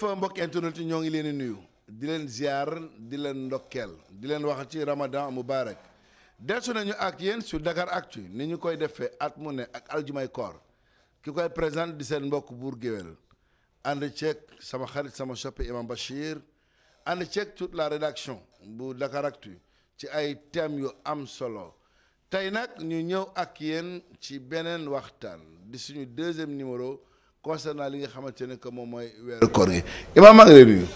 jërëjëf mbokki internet ñoo ngi leen di nuyu di leen ziar di leen ndokkeel di leen wax ci ramadan mubarak delsu nañu ak yéen su Dakar Actu ni ñu koy defee at mu ne ak aljumay koor ki koy présente di seen mbokk buur géwél ànd ceeg sama xarit sama soppe Imam Bachir ànd ceeg toute la rédaction bu Dakar Actu ci ay thèmes yu am solo tey nag ñu ñëw ak yéen ci beneen waxtaan di suñu deuxième numéro concernant li nga xamante ne que moom mooy weeru koor gi imaam maa ngi lay nuyu.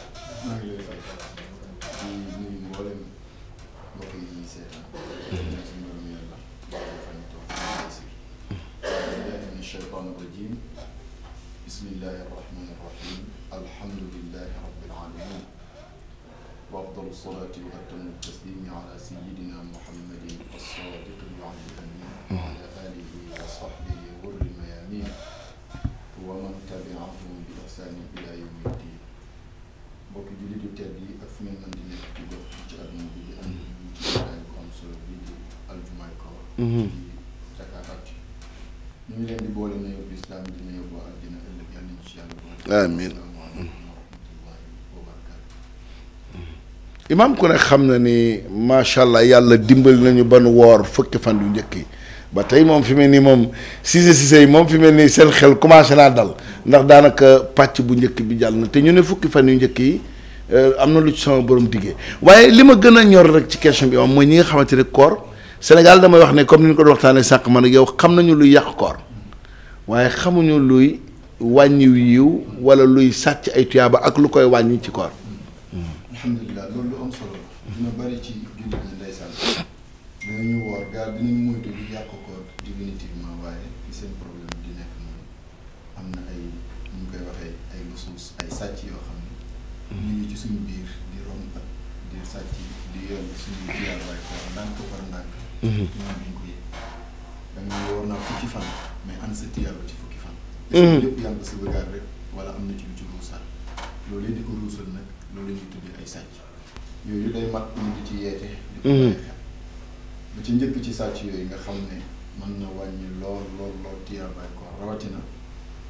الصلاة وأتم التسليم على سيدنا محمد الصادق الوعد الأمين وعلى آله وصحبه غر الميامين Mhm. wa man tabi'ahum boole nuyoo bi imaam ku ne xam na ni macha allah yàlla dimbali nañu ban woor fukki fan yu njëkk yi ba tey moom fi mel nii moom Cissé Cissé yi moom fi mel nii seen xel commencé naa dal ndax daanaka pàcc bu njëkk bi jàll na te ñu ne fukki fan yu njëkk yi euh, am na lu ci sama borom diggee waaye li ma gën a ñor rek ci question bi moom mooy ñi nga xamante ne koor Sénégal damay wax ne comme ni ñu ko doon waxtaanee sànq ma ak yow xam nañu luy yàqu koor waaye xamuñu luy wàññiw yiw wala luy sàcc ay tuyaaba ak lu koy wàññi ci koor. ci ci yàlla waaye foofu ndànk par ndànk. ñoom dañ ko yëg da naa fukki fan mais an sa tiyaaba ci fukki fan. te lépp yàlla si bëggaat rek wala am na ci lu ci ruusal loolu di ko ruusal nag loolu la ñuy ay sàcc yooyu day mat ñu di ci yeete. di ci njëkk ci sàcc yooyu nga xam ne mën na wàññi lool lool lool tiyaabaay ko rawatina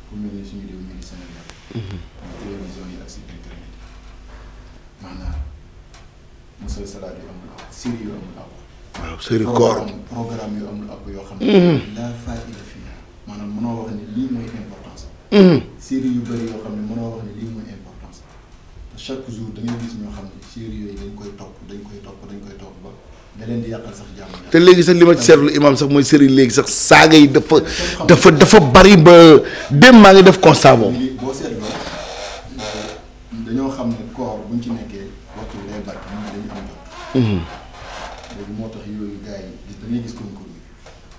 ku mel ni suñu réew mi di Sénégal. télévision yi ak site internet maanaam. مسلسلات yu amul àpp série yu amul àpp. waaw série koor programme yu amul àpp yoo xam ne. laa faayida fii maanaam mënoo wax ne lii mooy importance am. série yu bëri yoo xam ne mënoo wax ne lii mooy importance am chaque jour da ngay gis ñoo xam ne série yooyu dañ koy topp dañ koy topp dañ koy topp ba. da leen di yàqal sax jàmm te léegi sax li ma seetlu imam sax mooy sëriñ léegi sax saaga yi dafa dafa dafa bari ba démb maa ngi def constat boobu. boo seetloo léegi moo tax yooyu gars yi gis da ngay gis concours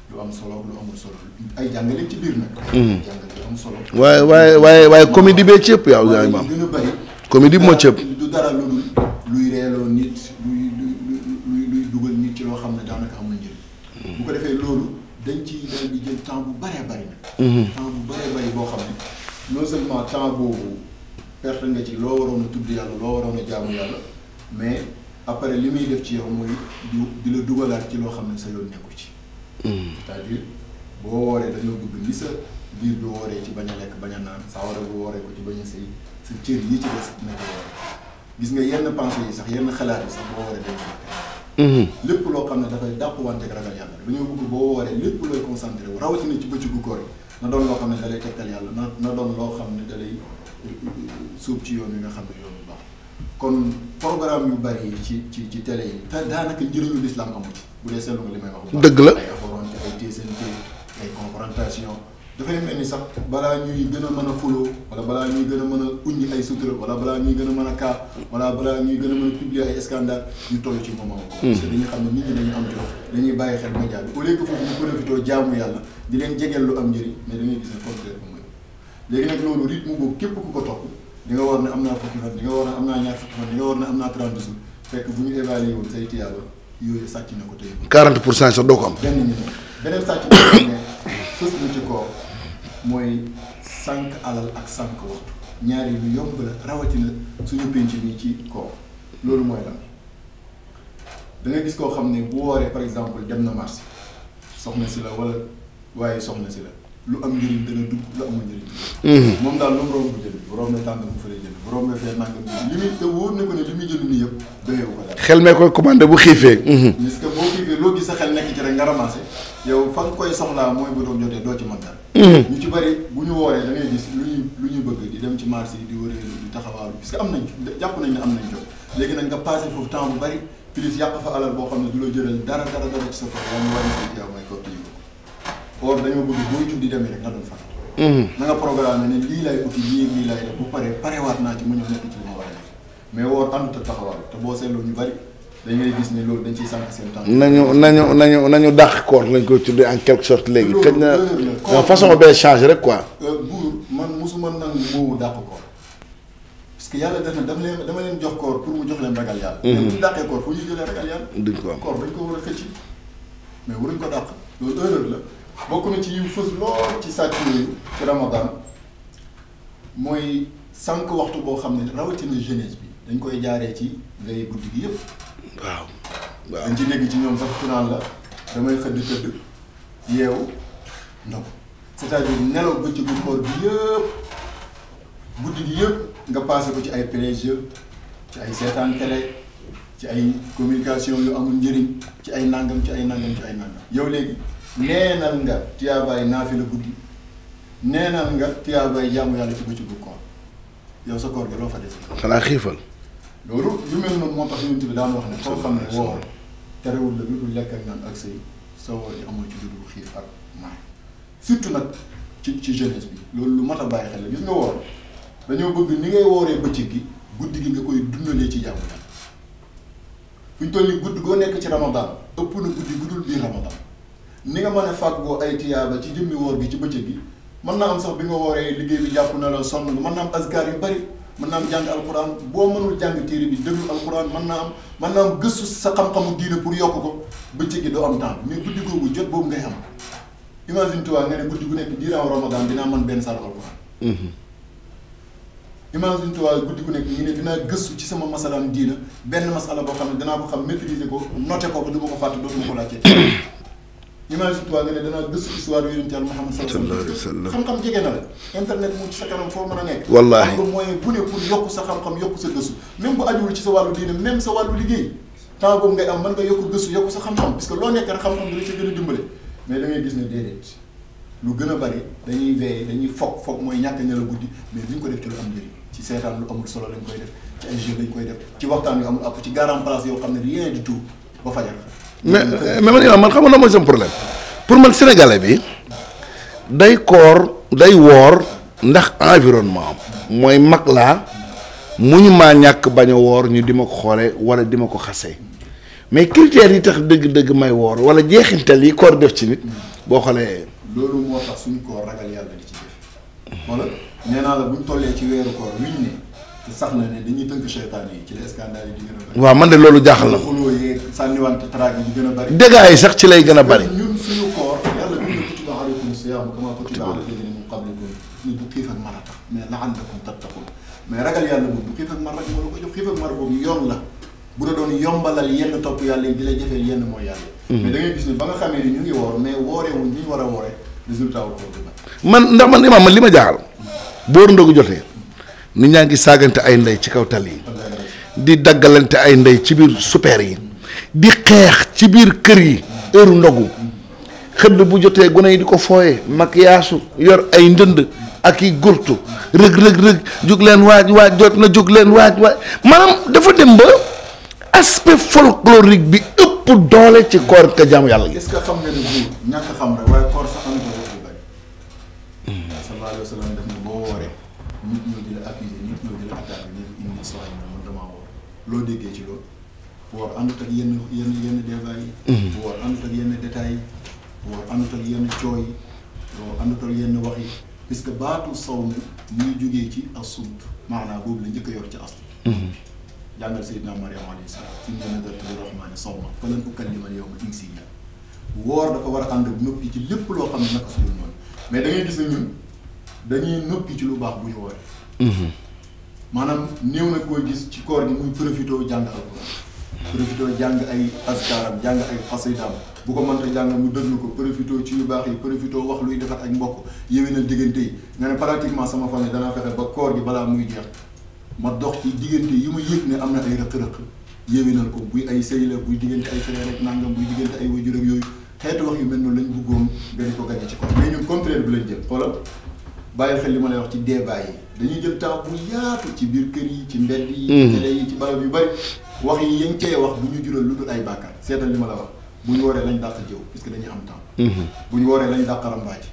bi lu am solo lu amul solo ay jàngale ci biir nag. Hmm. jàngale solo. waaye waaye waaye waaye comédie bee cëpp yow yaa yi maam gën a bëri. comédie bi moo cëpp du dara lu dul luy reeloo nit luy luy luy dugal nit ci loo xam ne daanaka amul njëriñ. Hmm. bu ko defee loolu dañ ci dañ di jël temps bu bëree bëri nag. Hmm. temps bu bëree bëri boo xam ne non seulement temps boobu perte nga ci loo waroon a tudd yàlla loo waroon a jaamu yàlla après li muy def ci yow mooy di di la dugalaat ci loo xam ne sa yoon nekku ci. Hmm. c'est-à-dire boo wooree dañoo gudd ni sa biir bi wooree ci bañ a lekk bañ a naan sa war a bu wooree ko ci bañ a sëy sa cër yi ci des dina ko gis nga yenn pensées yi sax yenn xalaat yi sax boo wooree day nekk. Hmm. lépp loo xam ne dafay dàppuwante ak ragal yàlla dañoo bëgg boo wooree lépp looy concentré wu rawatina ci bëccëgu gu yi na doon loo xam ne da lay tegtal yàlla na na doon loo xam ne da lay euh, euh, euh, ci yoon wi nga xam ne yoon bu baax. kon programme yu bari yi ci ci ci télé yi te daanaka njëriñu l'islam amul bu dee seetlu nga li may wax. dëgg la ay affronté ay téesante ay confrontation dafay mel ni sax balaa ñuy gën a man a foloo wala balaa ñuy gën a mën a uññi ay sutura wala balaa ñuy gën a mën a kaa wala balaa ñuy gën a mën a publier ay scandale ñu toll ci moment boobu. Hmm. parce que dañuy xam ne nit ñi dañu am jot dañuy bàyyi xel média bi au lieu que foofu ñu profitoo jaamu yàlla di leen jegeel lu am njëriñ mais dañuy gis ne contraire bu mooy léegi nag loolu rythme képp ku ko topp di nga war ne am naa fukki fan di war ne am naa ñaar fukki fan di nga war ne am naa 30 jours fekk bu ñu évalué woon say tiyaaba yooyu sàcc na ko tey. 40 pour beneen sàcc bi nga xam mooy sànq alal ak sànq waxtu ñaar lu yomb rawatina suñu penc nii ci kaw loolu mooy lan da gis koo xam ne bu wooree par exemple dem na marché soxna si la wala waaye soxna si la. lu am njëriñ dana dugg lu amul njëriñ. Hmm. moom daal lu mu romb jënd bu rombee tànn bu fëree jënd bu rombee fee nangam li muy te wóor na ko ne li muy jënd nii yëpp doyewu ko daal. xel mee koy commandé bu xiifee. Hmm. parce que boo xiifee loo gis sa xel nekk ci rek nga ramassé yow fa nga koy soxlaa hmm. ñu wooree da ngay gis lu ñuy bëgg di dem ci marché yi di wëreelu di taxawaalu parce que am nañ jàpp nañ ne am nañ jot léegi nag nga passé foofu temps bu bëri plus yàq fa alal boo xam ne du la jëral dara dara dara ci sa fo or dañoo bëgg booy jug di demee rek nga doon fàq. Hmm. na nga programme ne lii laay uti lii lii laay def bu paree parewaat naa ci mu ñëw nekk ci li ma war a def mais woor àndut a taxawaal te boo seetloo ñu bari dañuy gis ne loolu dañ ciy sànq seen temps. nañu nañu nañu nañu dàq koor lañ koy tuddee en quelque sorte léegi. xëy na façon bee changé rek quoi. Euh, buur man mosuma nangu boobu dàq koor parce que yàlla def na dama leen dama leen jox koor pour mu jox leen ragal yàlla. Hmm. mais bu ñu dàqee koor fu ñu jëlee ragal yàlla. duñ ko am koor dañ ko war a xëcc mais waruñ ko dàq loolu erreur la. bokk na ci yu fës lool ci sàcc yooyu ci Ramadan mooy sànq waxtu boo xam ne rawatina jeunesse bi dañ koy jaaree ci ngay guddi gi yëpp. waaw waaw dañ ci dégg ci ñoom sax ku naan la damay xëdd tëdd yeewu ndox cest à bu ci bëccëgu koor bi yëpp guddi gi yëpp nga passé ko ci ay plaisir ci ay seetaan télé ci ay communication yu amul njëriñ ci ay nangam ci ay nangam ci ay nangam yow léegi. neenal nga tiyaabaay naafila guddi neenal nga tiyaabaay jàmm yàlla ci bëccëgu koor yow sa koor gi loo fa des. xanaa xiifal. loolu lu mel noonu moo tax yonent bi daan wax xam ne woo la lu lekk ak naan ak sëy sa woo ci dudu xiif ak maay surtout nag ci ci jeunesse bi loolu lu mat a bàyyi xel la gis nga woor dañoo bëgg ni ngay wooree bëccëg gi guddi gi nga koy dundalee ci jaamu yàlla fu ñu toll nii guddi goo nekk ci ramadan ëpp na guddi guddul biir ramadan ni nga mën a fàggoo ay la ci jëmmi woor bi ci bëccëg bi man naa am sax bi nga wooree liggéey bi jàpp na la sonn man naa am azkar yu bari mën naa am jàng alquran boo mënul jàng téere bi déglu alquran man naa am mën naa gëstu sa xam-xamu diine pour yokk ko bëccëg gi doo am temps mais guddi googu jot boobu ngay am imagine toi nga ne guddi gu nekk diiram dinaa mën benn saar alquran mhm. imagine toi guddi gu nekk ñu ne dinaa gëstu ci sama masalaan diina benn masala boo xam ne danaa ko xam maîtriser ko noté ko ba du ma ko ko laajte image toi nga ne danaa gëstu histoire yu yonent yàlla Muhammad sallallahu alayhi wa sallam xam-xam jege na la internet mu ci sa kanam foo mën a nekk wallaahi nga moyen bu ne pour yokk sa xam-xam yokk sa gëstu même bu ajuwul ci sa wàllu diine même sa wàllu liggéey temps boobu ngay am mën nga yokk gëstu yokk sa xam-xam parce que loo nekk rek xam-xam dina ci gën a dimbale mais da ngay gis ne déedéet lu gën a bari dañuy veillé dañuy foog foog mooy ñàkk ña la guddi mais duñ ko def ci lu am njëriñ ci seetaan lu amul solo lañ koy def ci ay jeux lañ koy def ci waxtaan yu amul app ci garan place yoo xam ne rien du tout ba fajar mais mais man imaam man xam nga mooy sama problème pour man sénégalais bi day koor day woor ndax environnement mooy mag laa mu ñu maa ñàkk bañ a woor ñu di ma ko xoole wala di ma ko xase mais critères yi tax dëgg-dëgg may woor wala jeexintal yi koor def ci nit boo xoolee. loolu moo tax suñu nee naa la buñ tollee ci weeru koor te sax na ne dañuy tënk seytaan yi ci la scandale yi di a man de loolu jaaxal na ma. xuloo yeeg sànniwante traag yi yi sax ci lay gën a bari. ñun suñu koor yàlla bi ñu kutiba alaykum siyaam kama kutiba ala alladina mar a tax mais la'allakum tattaqun mais ragal yàlla ko jox xiif ak mar boobu yoon la bu da doon yombalal yenn topp yàlla yi di la jafeel yenn mooy yàlla. Hmm. mais da gis ne ba nga xamee ni ñu ngi woor mais woorewuñ li ñu war a woore résultat wu ko man ndax man imaam man li ma jaaxal hmm. booru ko jotee nit ñaa ngi saagante ay ndey ci kaw tali yi di daggalante ay ndey ci biir supeer yi di xeex ci biir kër yi heure ndogu xëdd bu jotee gone yi di ko fooye mag yaasu yor ay ndënd ak i gurtu rëg rëg jóg leen waaj waaj jot na jóg leen waaj waaj maanaam dafa dem ba aspect folklorique bi ëpp doole ci koor ka jaamu yàlla. est-ce xam nga loo déggee ci loolu bu war àndut ak yenn yenn yenn débat yi mhm. bu war àndut ak yenn détails yi bu war yenn coow yi bu baatu saw mi muy jógee ci assumt maanaam boobu la njëkk a yor ci asl mhm. jàngal Seydina Mariam alayhi salaam si nga nadartu li rahmaani sawma falan ukallima al-yawma insiya woor dafa war a ànd ak noppi ci lépp loo xam ne naka su dul noonu mais da ngay gis ne ñun dañuy noppi ci lu baax bu ñu wooree mhm. maanaam néew nag koo gis ci koor gi muy profité jàng alxuraan profité jàng ay askaaram jàng ay xasidaam bu ko mënta jàng mu déglu ko profité ci yu baax yi profité wax luy defar ak mbokk yéwénal diggante yi nga ne pratiquement sama famille danaa fexe ba koor gi balaa muy jeex ma dox ci diggante yi mu yëg ne am na ay rëq-rëq yéwénal ko buy ay sëy la buy diggante ay frère rek nangam buy diggante ay wajur ak yooyu xeetu wax yu mel noonu lañ bëggoon nga di ko gañe ci koor mais ñun contraire bi lañ bàyyil xel li ma lay wax ci débat yi dañuy jël temps bu yaatu ci biir kër yi ci mbedd yi. télé yi ci barab yu bari. wax yi yéen cee wax bu ñu jural lu dul ay bàkkaar seetal li ma la wax bu ñu wooree lañ dàq jëw puisque dañuy am temps. bu ñu wooree lañ dàq rambaaj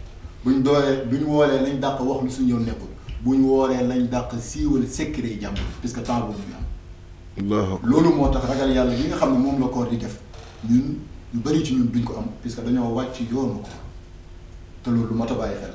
bu ñu dooree bu ñu wooree lañ dàq wax lu suñu yoon nekkul bu ñu wooree lañ dàq siiwal secret yi puisque temps boobu ñu am. loolu moo tax ragal yàlla li nga xam ne moom la koor di def ñun ñu bari ci ñun duñ ko am puisque dañoo wàcc yoonu ko te loolu lu mat a bàyyi xel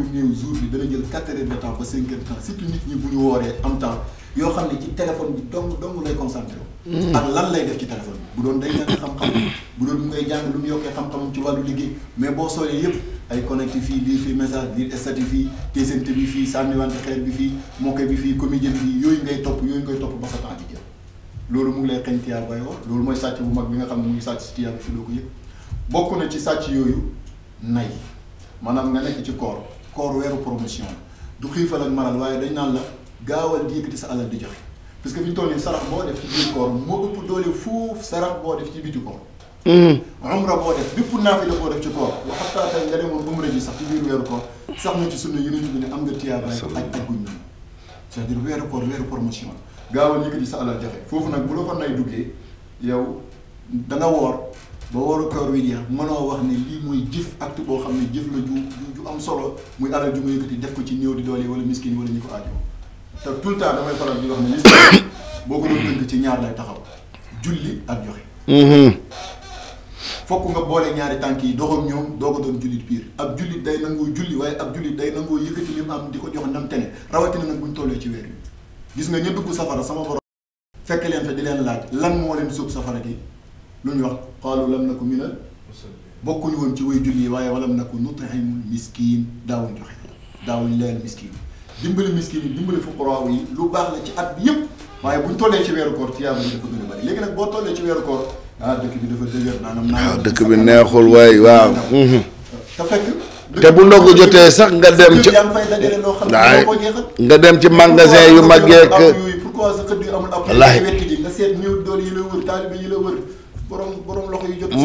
néew néew jour bi dana jël quatre heures de temps ba cinq nit ñi bu ñu wooree am temps yoo xam ne ci téléphone bi dong dong lay concentré wu. Mm-hmm. ak lan lay def ci téléphone bi bu doon day jàng xam-xam bu doon mu ngay jàng lu mu yokkee xam-xam ci wàllu liggéey mais boo soolee yëpp ay connecté fii lii fii message lii statut fii téesante bi fii sànniwante xeer bi fii mokke bi fii comédien bi yooyu ngay topp yooyu ngay topp ba sa temps bi jël loolu mu ngi lay xeñ tiyaar bay wax loolu mooy sàcc bu mag bi nga xam ne mu ngi sàcc si tiyaar bi fi loo ko yëpp na ci sàcc koor weeru promotion du xiifal ak maral waaye dañ naan la gaawal di yëkkati sa alal di joxe parce que fi ñu toll nii sarax boo def ci biir koor moo ëpp doole fuuf sarax boo def ci biti koor umra boo def bépp naafila boo def ci koor wa xataa tey nga demoon umra ji sax ci biir weeru koor sax na ci sunna yonent bi ne am nga tiyaaba ak ak guñ ñun c'est-à-dire weeru koor weeru promotion gaawal yëkkati sa alal joxe foofu nag bu la fa nay duggee yow da nga woor boo waru koor wi jeex mënoo wax ne lii mooy jëf acte boo xam ne jif la ju ju am solo muy alal ju nga yëkkati def ko ci néew di doole wala miskin wala ñu ko aajo te tout damay faral di wax ne lislaam ci ñaar lay taxaw julli ak joxe mm-hmm. nga boole ñaari tànk yi doxam ñoom doo ko doon jullit piir ab jullit day nangoo julli waaye ab jullit day nangoo yëkkati li am di ko jox ndam tene rawatina nag buñ tollee ci weer yi gis nga ñu dugg safara sama borom fekk leen fa di leen laaj lan moo leen sóob safara gi lu ñu wax قالوا لم نكن من بكل يوم تي ويدلي واي ولم نكن نطعم المسكين داو جوخ داو لا المسكين ديمبل المسكين ديمبل الفقراء وي لو باخ لا تي اب ييب واي بو تولي تي ويرو كور تيام دي بغن بري لغي نك بو تولي تي ويرو كور اه دك بي دفا دير نانام نا آه، دك بي نيهول واي واو تا فك te bu ndogu jotee sax nga dem ci daay nga dem ci magasin yu magge ak pourquoi sa xëdd yi amul ak wétti di nga seet ñew doon yi borom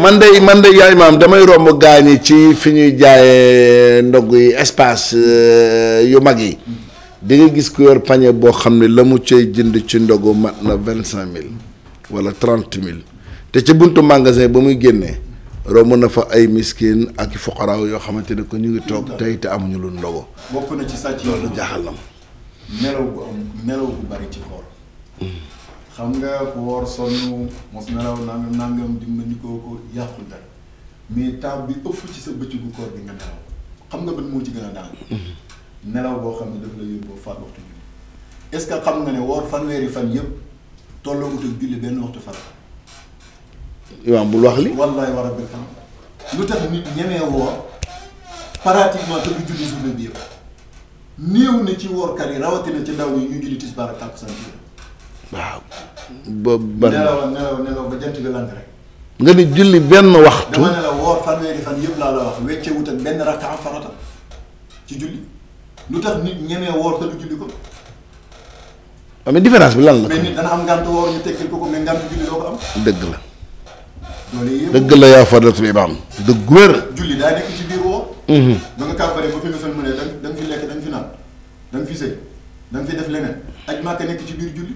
man de man de yaay maam damay romb gaañi ci fi ñuy jaayee ndog yi espace euh, yu mag yi di nga gis ku pañe boo xam ne la mu cay jënd ci ndogu mat na vingt cinq mille wala trent mille te ci buntu magasin ba muy génnee romb na fa ay miskin ak fuqaraaw yoo xamante ne ko ñu ngi toog tey te amuñu lu ndogu. bokk na ci sàcc loolu jaaxal am nelaw bu bari ci xool. Mm. xam nga ku woor sonn mos nelaw nangam nangam dimbali ko ko yàqul dara mais taab bi ëpp ci sa bëccëgu koor bi nga nelaw xam nga ban moo ci gën a daan mm-hmm. boo xam ne daf la yóbbu faat waxtu julli est-ce que xam nga ne woor fanweeri fan yëpp tolloo ko ak julli benn waxtu farat imaam bul wax li wallaay war a bi xam lu tax nit ñemee woor pratiquement te julli journée bi yëpp néew na ci woorkat yi rawatina ci ndaw yi ñu julli tisbaar ak waaw. ba bari nelaw nelaw nelaw ba jant bi lant rek. nga ni julli benn waxtu dama ne la woor fanweeri fan yëpp laa la wax wecce wut ak benn rakka farata ci julli lu tax nit ñemee woor te du julli ko. waaw mais différence bi lan la. mais nit dana am ngànt woor ñu tekkil ko ko mais ngànt julli doo ko am. dëgg la. loolu yëpp dëgg la yaa fardatul imaam. dëgg wér. julli daa nekk ci biir woor. ba nga kàmbaree ba fi nga sën mënee da nga da nga fi lekk da nga fi naan da nga fi sëy da nga fi def leneen aj maa nekk ci biir julli.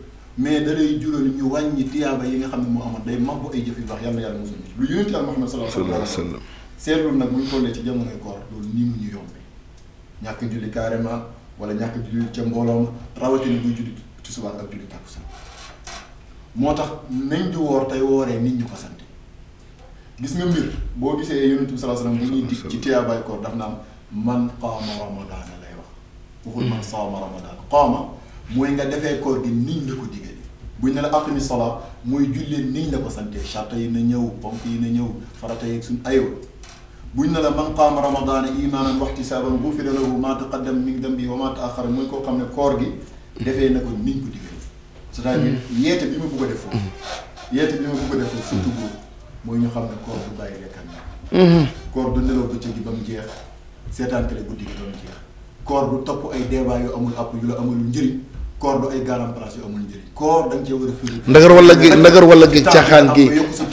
mais da lay jural ñu wàññi tiyaaba yi nga xam ne moo amoon day mabbu ay jëf yu baax yal na yàlla mosul lu yonent yàlla Muhammad sallallahu alayhi wa sallam seetlu nag buñ tollee ci jamonoy koor loolu nii mu ñu yombe ñàkk julli carrément wala ñàkk julli ca mbooloom rawatina buy julli tisbaar ak julli takkusaan moo tax nañ di woor tey wooree nit ñu ko sant gis nga mbir boo gisee yonent bi sallallahu alayhi wa sallam bu ñuy dig ci tiyaabaay koor daf na ma man ma ramadaana lay wax waxul man saama ma mooy nga defee koor gi niñ la ko diggee buñ ne la aqimi sola mooy jullee niñ la ko santee charte yi na ñëw ponk yi na ñëw farata yeeg suñ ayoo buñ ne la man qaama ramadaana imaanan wa ihtisaaban gufira lahu maa taqaddama min dambi wa maa taaxara mooy koo xam ne koor gi defee na ko niñ ko diggee c'est-à-dire yeete bi ma bëgg a def foofu yeete bi ma bëgg def foofu surtout boobu mooy ñu xam ne koor du bàyyi lekkal na mm-hmm. koor du nelaw bëccëg gi ba mu jeex seetaan télé guddi gi ba mu jeex koor du topp ay débat yu amul koor du ay garam da nga cee war a firi ndagar wala géej ndagar wala géej caaxaan gi yokk sa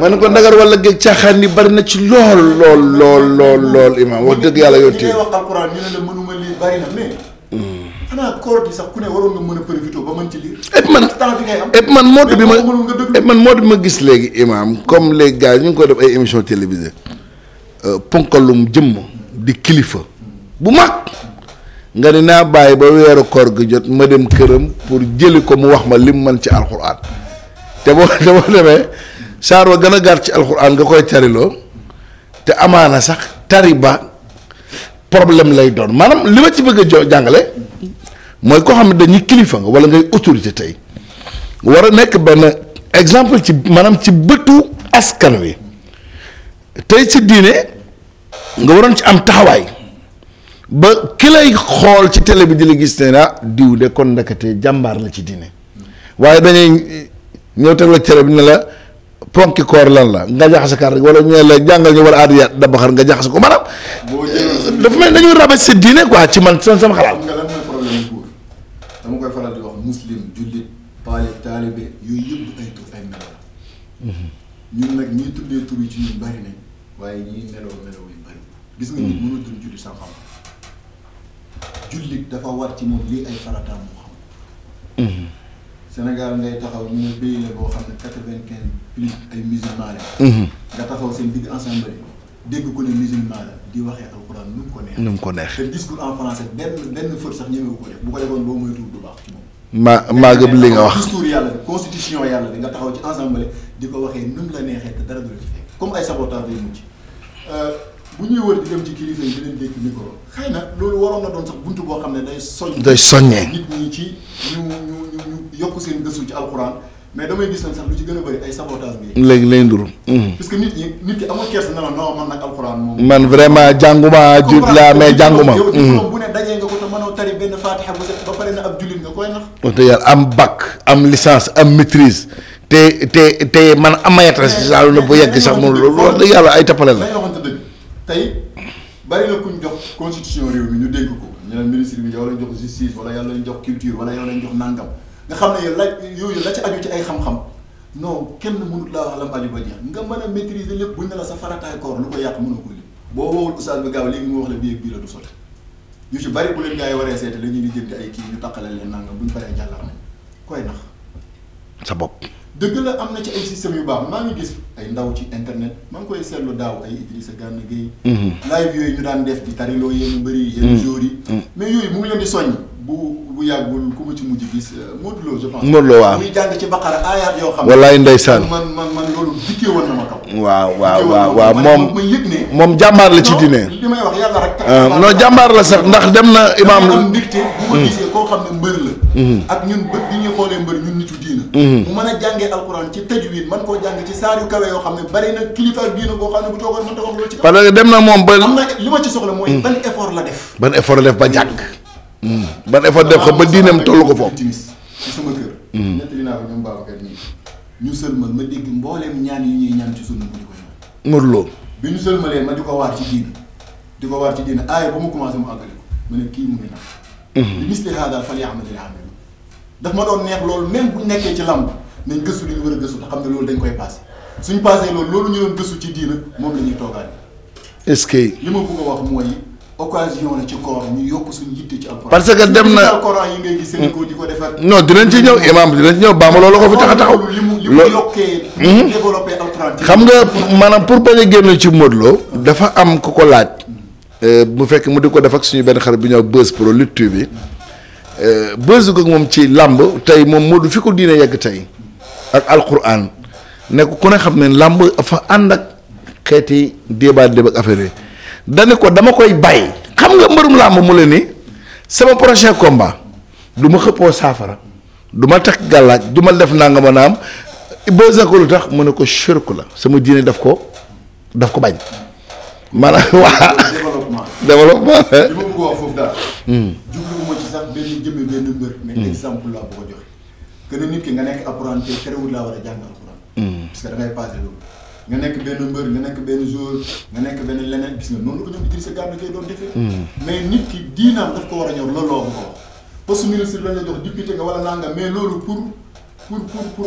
ma ne ko ndagar wala géej caaxaan ni bari na ci lool lool lool lool lool imaam wax dëgg yàlla yow tey wax alquran ñu hmm. a profité ba mën ci lire man temps bi bi ma et man moodu bi ma gis léegi imaam comme les gars ñu ngi koy def ay émission télévisée euh, ponkalum jëmm di kilifa bu mag nga ni naa bàyyi ba weeru koor gi jot ma dem këram pour jëli ko mu wax ma lim man ci alxuraan te boo te boo demee saar wa gën a gàtt ci alxuraan nga koy tariloo te amaana sax tari ba problème lay doon maanaam li ma ci bëgg a jo jàngale mooy koo xam ne dañuy kilifa nga wala ngay autorité tey war nekk benn exemple ci maanaam ci bëtu askan wi tey ci diine nga waroon ci am taxawaay. ba ki lay xool ci télé bi di la gis ne ah diw de kon ndakate jàmbaar la ci diine waaye dañuy ñëw teg la cere bi ne la ponki koor lan la nga jaxase kaar rek wala ñu ne la jàngal ñu war a aadiyaat dabaxar nga jaxase ko maanaam. dafa mel dañuy rabat sa diine quoi ci man sama sama xalaat. nga lan mooy koy faral di wax muslim jullit paale mm-hmm. ci waaye gis nga jullit dafa war ci moom lii ay farata mu xam mhm. Sénégal ngay taxaw ñu ne pays la boo xam ne quatre plus ay musulman la mhm. nga taxaw seen digg ensemble dégg ko ne musulman la di waxee alxuraan nu mu ko neex nu mu ko neex te discours en français benn benn fër sax ñemewu ko def bu ko defoon boo moytuwul du baax ci moom maa maa gëm li nga wax discours yàlla bi constitution yàlla bi nga taxaw ci ensemble di ko waxee nu mu la neexee te dara du la ci fekk comme ay sabotage day mucc bu ñuy wër di dem ci kilifa yi di leen dégg micro xëy boo xam ne day soñ day soññee nit ñi ci ñu ñu ñu yokk seen gëstu ci alxuraan mais damay gis nañ sax lu ci gën a bëri ay sabotage bi léegi lay nduru parce que nit ñi nit ki amul kersa na la non man nag alxuraan man vraiment jànguma jub laa mais jànguma yow bu ne jullit nga koy nax wax yàlla am bac am licence am maîtrise te te te man amayata si saalu na bu yegg sax moom loolu wax dëgg yàlla ay tappale la tey bari na kuñ jox constitution réew mi ñu dégg ko ñu ne ministre bi yow lañ jox justice wala yow lañ jox culture wala yow lañ jox nangam nga xam ne yow la yooyu la ci aju ci ay xam-xam non kenn mënut laa wax la mu aju ba jeex nga mën a maîtriser lépp buñ ne la sa farataay koor lu ko yàq mënoo ko li boo woowul oustaz bi gaaw léegi mu wax la bii bii la du sotti yu ci bari bu leen gars yi waree seete la ñuy di jënd ay kii ñu taqale leen nangam buñ paree jàllar nañ koy sa bopp dëgg la am na ci ay système yu baax maa ngi gis ay ndaw ci internet maa ngi koy seetlu daaw ay Idrissa Gana Gueye mhm. live yooyu ñu daan def di tariloo yéen mbëri yenn mhm. jours yi mhm. mais yooyu mu ngi leen di soññ bu bu yàggul ku ma ci mujj gis euh, Modou Lo je pense Modou Lo ci Baqara aayaat yoo xam wallaay ndeysaan man man man loolu na ma waaw waaw waaw waaw moom moom jàmbaar la ci diine li may wax yàlla euh, jàmbaar la sax ndax dem na imaam am mbégte bu ma hmm. gisee koo xam ne mbër la hmm. ak ñun bët bi ñuy xoolee mbër ñun nitu Mm-hmm. mu man a jàngee alxuraan ci tajwid man koo jàng ci saar yu kawe yoo xam ne bari na kilifa bii na boo xam ne bu toogoon dem na moom ba li ma ci soxla mooy mm-hmm. ban effort la def ban effort la ba jàng mm-hmm. ban effort def ko ba ah, diineem ko foofu ci sama kër nettali naa ko ñoom Babacar nii ñu sëlmal ma dégg mbooleem ñaan yi ñaan ci sunna mu di bi ñu sëlmalee ma di ko waar ci diina di ko waar ci diina aaya ba mu commencé mu àggale ko ma ne kii mu ngi naan li misli daf ma doon neex loolu même bu nekkee ci lamb nañ gëstu li ñu war a gëstu te xam ne loolu dañ koy passé suñ passé loolu loolu ñu doon gëstu ci diina moom la ñuy toogaat est-ce que li ma bëgg a wax mooy occasion la ci koor ñu yokk suñu yitte ci alxuraan parce que dem na alxuraan yi ngay gis Sénégal di ko defar non dinañ ci ñëw imam dinañ ci ñëw baama loolu ko fi tax a taxaw li mu li mu yokkee mhm. développé alxuraan xam nga maanaam pour bañ a génn ci modlo dafa am ku ko laaj mhm. euh, mu fekk mu di ko def ak suñu benn xar bi ñëw bës pour lutte bi Eh, bësu ko moom ci làmb tey moom moo du fi ko diine yegg tey ak alquran ne ko ku ne xam ne làmb fa ànd ak xeeti débat déb ak affaire yi dane ko dama koy bàyyi xam nga mbërum làmb mu le ni sama prochain combat du ma xëppoo saafara du ma takk gàllaaj du ma def nanga ma naam bësa ko lu tax mu ne ko shirku la sama diine daf ko daf ko bañ maanaam waa développement développement ma ma ci sax benn jëmee benn mbër. mais hmm. exemple laa boo ko joxe. que ne nit ki nga nekk apprenti te terewul laa war a jàng alxuraan. Hmm. parce que da ngay passé loolu. nga nekk benn mbër nga nekk benn jour nga nekk benn leneen gis noonu ko ñoom Idrissa Gana Gueye doon defee. Hmm. mais a ñor loolu loo ko wax. poste ministre la jox député nga wala nangam mais loolu pour pour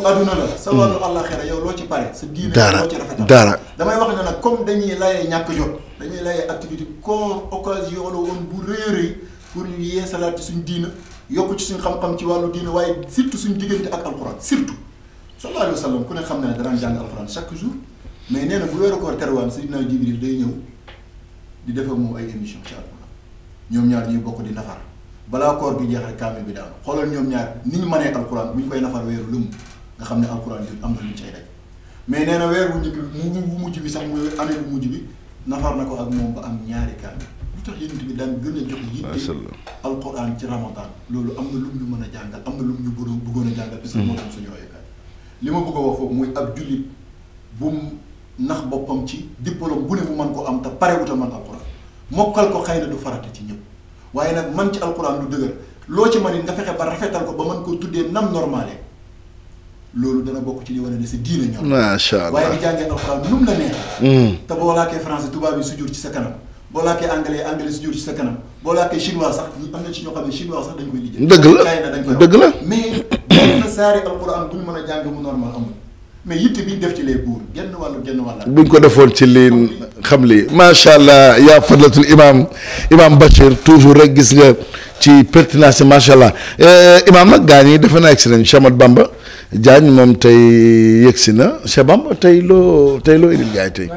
sa wàllu àllaxira yow loo ci pare. sa diine loo ci rafetal dara damay wax ne nag comme dañuy layee ñàkk jot dañuy layee activité comme occasion la woon bu rëy a pour ñu yeesalaat ci suñ diina yokk ci suñ xam-xam ci wàllu diina waaye surtout suñ diggante ak alxuraan surtout sallallahu alayhi wa sallam ku ne xam na ne danaan jàng alxuraan chaque jour mais nee na bu weeru koor terwaan Seydina Jibril day ñëw di defee moom ay émission ci alxuraan ñoom ñaar ñuy bokk di nafar balaa koor bi jeex rek kaamil bi daanu xoolal ñoom ñaar ni ñu mënee alxuraan bu ñu koy nafar weeru lëmm nga xam ne alxuraan yooyu am na lu ñu cay mais nee na weer wu njëkk bi mu mujj bi sax mu année bu mujj bi nafar na ko ak moom am ñaari kaamil tax yonent bi daan gën jox yitte alquran ci ramadan loolu am na lum ñu mën jàngal am na ñu bëggoon bëggoon a jàngal parce que moo doon suñu royukaay bëgg wax ab bu nax ci diplôme bu ne man ko am te parewut a man alquran mokkal ko xëy du farata ci ñëpp waaye nag man ci alquran lu dëgër loo ci man nga ba rafetal ko ba ko nam normalé loolu dana bokk ci li wane ne sa diine ñor macha allah waaye di jàngee alquran num la neex hmm. te français sujur ci sa kanam boo làkkee anglais anglais si jur ci sa kanam boo làkkee chinois sax am na ci ñoo xam ne chinois sax dañ koy lijjanti. dëgg la dëgg la mais benn saari alquran bu ñu mën a jàng mu normal amul mais yitte bi ñu def ci les buur genn wàllu genn wàll. bu ñu ko defoon ci liin xam lii macha allah yaa fadlatul imam imam Bachir toujours rek gis nga ci pertinence yi macha allah imam nag gaa ñi defe naa egsi nañ Cheikh Ahmadou Bamba Diagne moom tey yegsi na Cheikh Bamba tey loo tey loo indil gaa yi tey.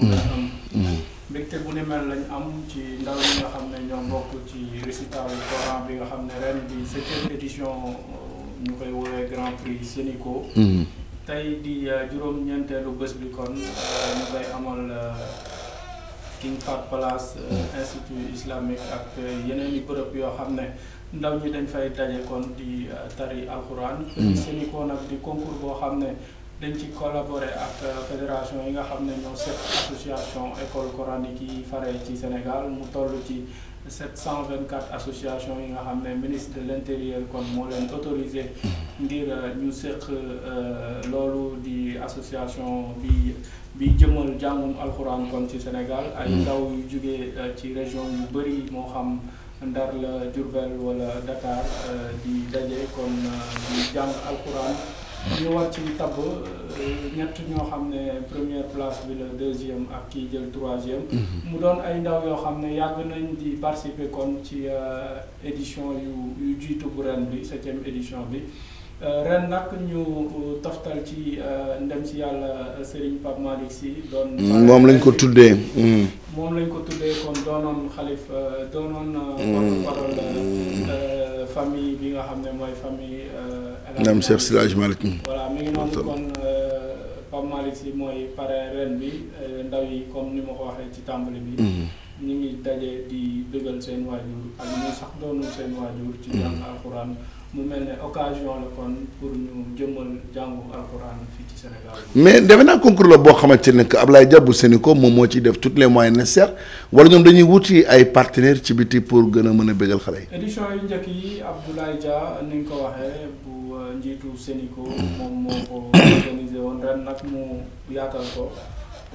Mm. Mm. Mm. mbégte bu ne mel lañ am ci ndaw yi nga xam ne ñoo mbokk ci récital Coran bi nga xam ne ren bi septième édition euh, ñu koy woowee grand prix Sénico. tey di euh, juróom-ñeenteelu bés bi kon euh, ñu koy amal King Fahd Palace. institut islamique ak yeneen i bërëb yoo xam ne. ndaw ñi dañ fay daje kon di tari alxuraan. Sénico nag di concours boo xam ne. dañ ci collaborer ak euh, fédération yi nga xam ne ñoo sept association école coranique yi faree ci Sénégal mu toll ci 724 association yi nga xam ne ministre de l'intérieur kon moo leen autorisé ngir euh, ñu seq euh, loolu di association bi bi jëmal jàngum alxuraan kon ci Sénégal ay mm. ndaw yu jugee ci région yu bëri moo xam Ndar la Diourbel wala Dakar di daje kon di jàng alxuraan ñu war ci tabb euh, ñett ñoo xam ne première place bi la deuxième ak kii jël troisième. Mhm. mu doon ay ndaw yoo xam ne yàgg nañ di participer kon ci euh, édition yu yu jiitu bu ren bi septième édition bi. Euh, ren nag ñu toftal ci ndem ci yàlla Serigne Pape Malick Sy doon mm, moom lañ ko tuddee mm. moom lañ ko tuddee kon doonoon xalif doonoon mm. porte-parole famille bi nga xam ne mooy famille naam Cheikh Sila Malick voilà mi ngi noonu kon euh, Pape Malick si mooy pare ren bi euh, ndaw yi comme ni ma ko waxee ci tàmbali bi. Mm-hmm. ñu ngi daje di dëggal seen waajur ak ñu sax doonul seen waajur. ci jàng mm-hmm. alxuraan mu mel ne occasion la kon pour ñu jëmmal jàngu alxuraan fii ci Sénégal. mais defe naa concours la boo xamante ne que Ablaye Dia bu comme moom moo ci def tous les moyens nécessaires wala ñoom dañuy wuti ay partenaires ci biti pour gën a mën a bégal xale yi. njiitu Sénico mm. moom moo ko organisé woon ren nag mu yaatal ko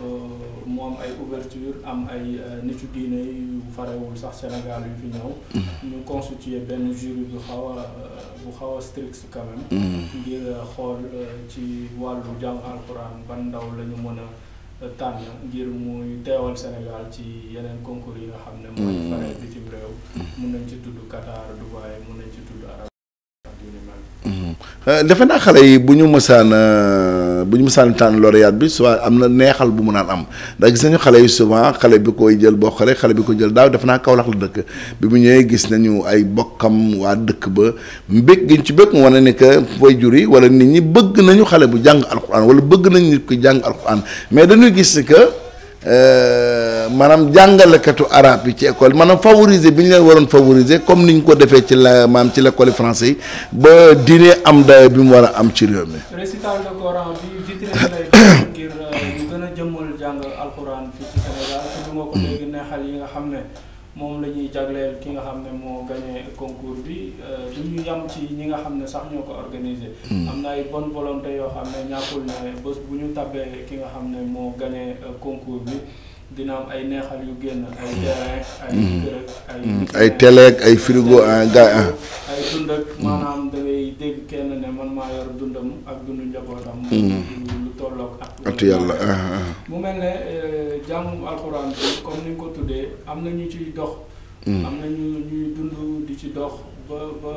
euh, mu ay ouverture am ay euh, nitu diine yu farewul sax Sénégal yu fi ñëw mm. ñu constitué benn jury bu xaw euh, bu xaw a strict quand même mm. ngir xool ci wàllu jàng alxuraan ban ndaw la ñu mën a tànn ngir muy teewal Sénégal ci yeneen concours yi nga xam ne mooy fare bitim réew mun nañ ci tudd Qatar Dubaï mun nañ ci tudd Arab Euh, defe naa xale yi bu ñu mësaan euh, bu ñu mësaan tànn lauréat bi soit am na neexal bu mu naan am ndax gis nañu xale yi souvent xale bi koy jël boo xale xale bi ko jël daaw defe naa Kaolack la dëkk bi mu ñëwee gis nañu ay bokkam waa dëkk ba mbég giñ ci bëgg mu wane ne que fooy jur yi wala nit ñi bëgg nañu xale bu jàng alxuraan wala bëgg nañu nit ku jàng alxuraan mais dañuy gis que. Euh, maanaam jàngalekatu arabe yi ci école maanaam favoriser bi ñu leen waroon favoriser comme ni ñu ko defee ci la maam ci l'école français yi ba diine am dayo bi mu war a am ci réew mi. récital euh, a jëmmal jàng alxuraan yi nga ne moom la ñuy jagleel ki nga xam concours bi euh, du ñu yam ci ñi nga xam ne sax ñoo ko organisé. Hmm. am na ay bonne volonté yoo xam ne ñàkkul ne bés bu ñu tabee ki nga xam ne moo gagné euh, concours bi dina am ay neexal yu génn ay hmm. terrain ay hmm. kër ak ay teleeg ah, ah. ay dund ak maanaam da ngay dégg kenn ne man maa yor dundam ak dundu njabootam ah, mu mel ne euh, jàngum alxuraan bi comme ni ko tuddee am na ñu ci dox am na ñu ñuy dund di ci dox ba ba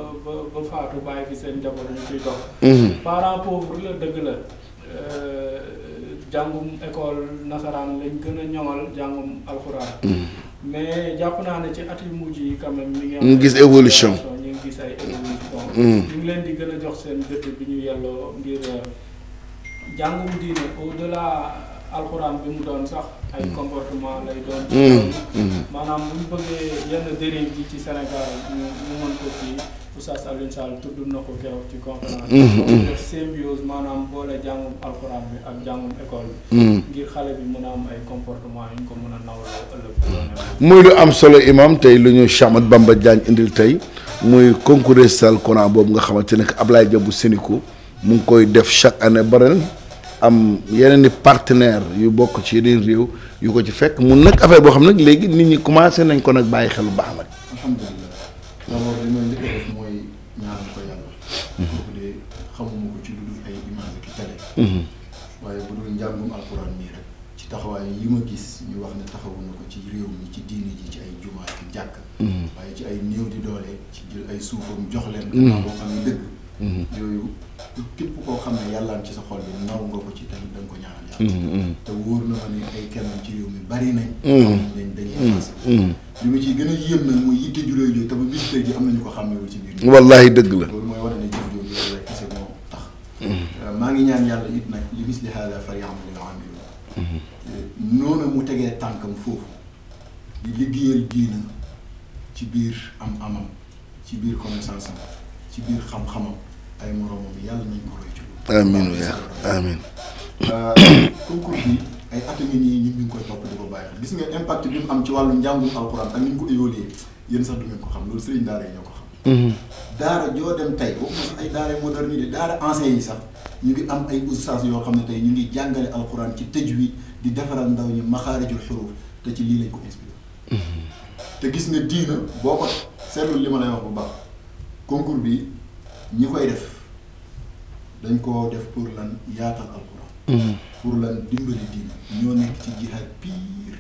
ba faatu bàyyi fi seen njaboot ñu ciy dox. Mhm. parents pauvres la dëgg la. Euh, jàngum école nasaraan lañ gën a ñoŋal jàngum alxuraan. Mhm. mais jàpp naa ne ci at yu mujj yi quand même. ñu gis évolution ñu ngi gis ay évolution. Mhm. ñu leen di gën a jox seen gëdd bi ñu yelloo ngir euh, jàngum diine au delà. alxuraan bi mu doon sax ay mm. comportement lay doon. Mm. Mm. maanaam bu bëggee yenn dérive yi ci Sénégal ñu ñu mën ko kii Oustaz Alioune Sall tudd na ko keroog ci boole jàngum alxuraan bi ak am ay comportement yu muy lu am solo imam tey lu ñu Cheikh Ahmadou Bamba Diagne indil tey muy concours Sal Coran boobu nga xamante ne Ablaye Dia bu Sénico mu ngi koy def chaque année ba am yeneen i partenaire yu bokk ci yeneen réew yu ko ci fekk mun nag affaire boo xam nag léegi nit ñi commencé nañ ko nag bàyyi xel bu baax nag. alhamdulilah loolu li ma njëkk a mooy ñaanal ko mhm. ci lu mhm. waaye bu dul njàngum alxuraan nii rek ci taxawaay yi ma gis ñu wax ne taxawu na ko ci réew mi ci diini ji ci ay jumaa ci jàkk mhm. waaye ci ay néew di doole ci jël ay suufam jox leen. boo xam ne koo xam ne yàllaam ci sa xol bi naw nga ko ci tamit da nga ko ñaanal yàlla. te wóor na ma ne ay kanam ci réew mi bari nañ. dañ dañuy avancé. li ma ciy gën a yëm nag mooy yitte ju réew jooju te bu bis tey ji am na ñu ko xàmmewul ci biir. wallaahi dëgg la loolu mooy war na jëf jooju yàlla kese moo tax. maa ngi ñaan yàlla it nag li misli haada falyamal aamiluun. noonu mu tegee tànkam foofu di liggéeyal diina ci biir am amam ci biir connaissance am ci biir xam-xamam ay moromam yàlla nañ ko roy amiin yaa amiin. concours bi ay at a ñu ngi koy topp di ko bàyyi gis nga impact bi mu am ci wàllu njàngum alxuraan ak ni ñu ko évolué yéen sax du ngeen ko xam loolu sëriñ daara yi ñoo ko xam. Mhm. daara joo dem tey boobu sax ay daara moderne yi daara ancien yi sax ñu ngi am ay ustaas yoo xam ne tey ñu ngi jàngale alxuraan ci tëj wi di defaral ndaw ñi maxaarijul xuruuf te ci lii lañ ko inspiré. Mhm. te gis nga diina boo ko seetlu li ma lay wax bu baax concours bi ñi koy def. dañ koo def pour lan yaatal alquran mm-hmm. pour lan dimbali diina ñoo nekk ci jihaad pire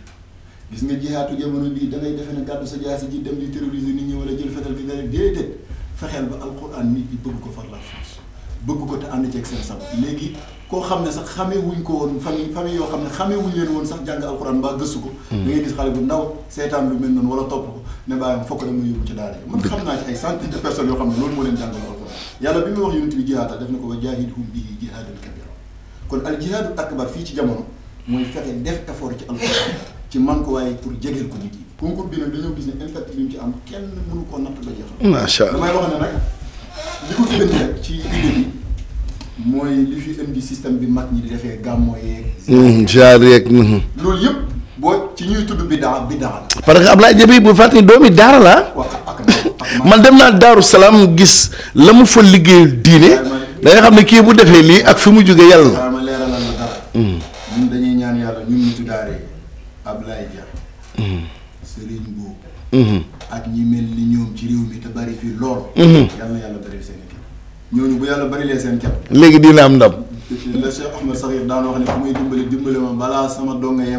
gis nga jihaatu jamono bii da ngay defe ne gàddu sa jaasi ji dem di terroriser nit ñi wala jël fetal bi nga ne déedéet fexeel ba alquran nit ñi bëgg ko far la force bëgg ko te ànd ceeg seen sab léegi koo xam ne sax xamee wuñ ko woon famille famille yoo xam ne xamee wuñ leen woon sax jàng alquran mbaa gëstu ko mm-hmm. da ngay gis xale bu ndaw seetaan lu mel noonu wala topp ne bàyyi ma fokk dama yóbbu ci daara ji man xam naa ci ay centaine de personnes yoo xam ne loolu moo leen jàngal alquran yàlla bi muy wax yonent bi jihaad def na ko wa jaahidhum bihi jihaadan kabira kon al jihaadu akbar fii ci jamono mooy fexe def effort ci alquran ci man ko waaye pour jegeel ko nit yi concours bi nag dañoo gis ne impact bi mu ci am kenn mënu koo natt ba jeexal macha allah damay wax ne nag li ko fi indi rek ci idée bi mooy li fi indi système bi mag ñi di defee gàmmoo yeeg genre yeeg loolu yëpp boo ci ñuy tudd bidaa bidaa la. parce que Ablaye Jabi bu fàttali doomi daara la. man dem naa gis la mu fa liggéeyal diine da nga xam ne bu defee lii ak fi mu jóge la. ñun dañuy ñaan yàlla ñun ñu tuddaaree Ablaye Dia. Serigne Mbow. ak ñi mel ñoom ci réew mi te bari fii lool. Hmm. yàlla yàlla bari seen i ñooñu bu yàlla bari lee seen képp. léegi dina am ndam. Cheikh Ahmed wax dimbali dimbali ma sama donga yee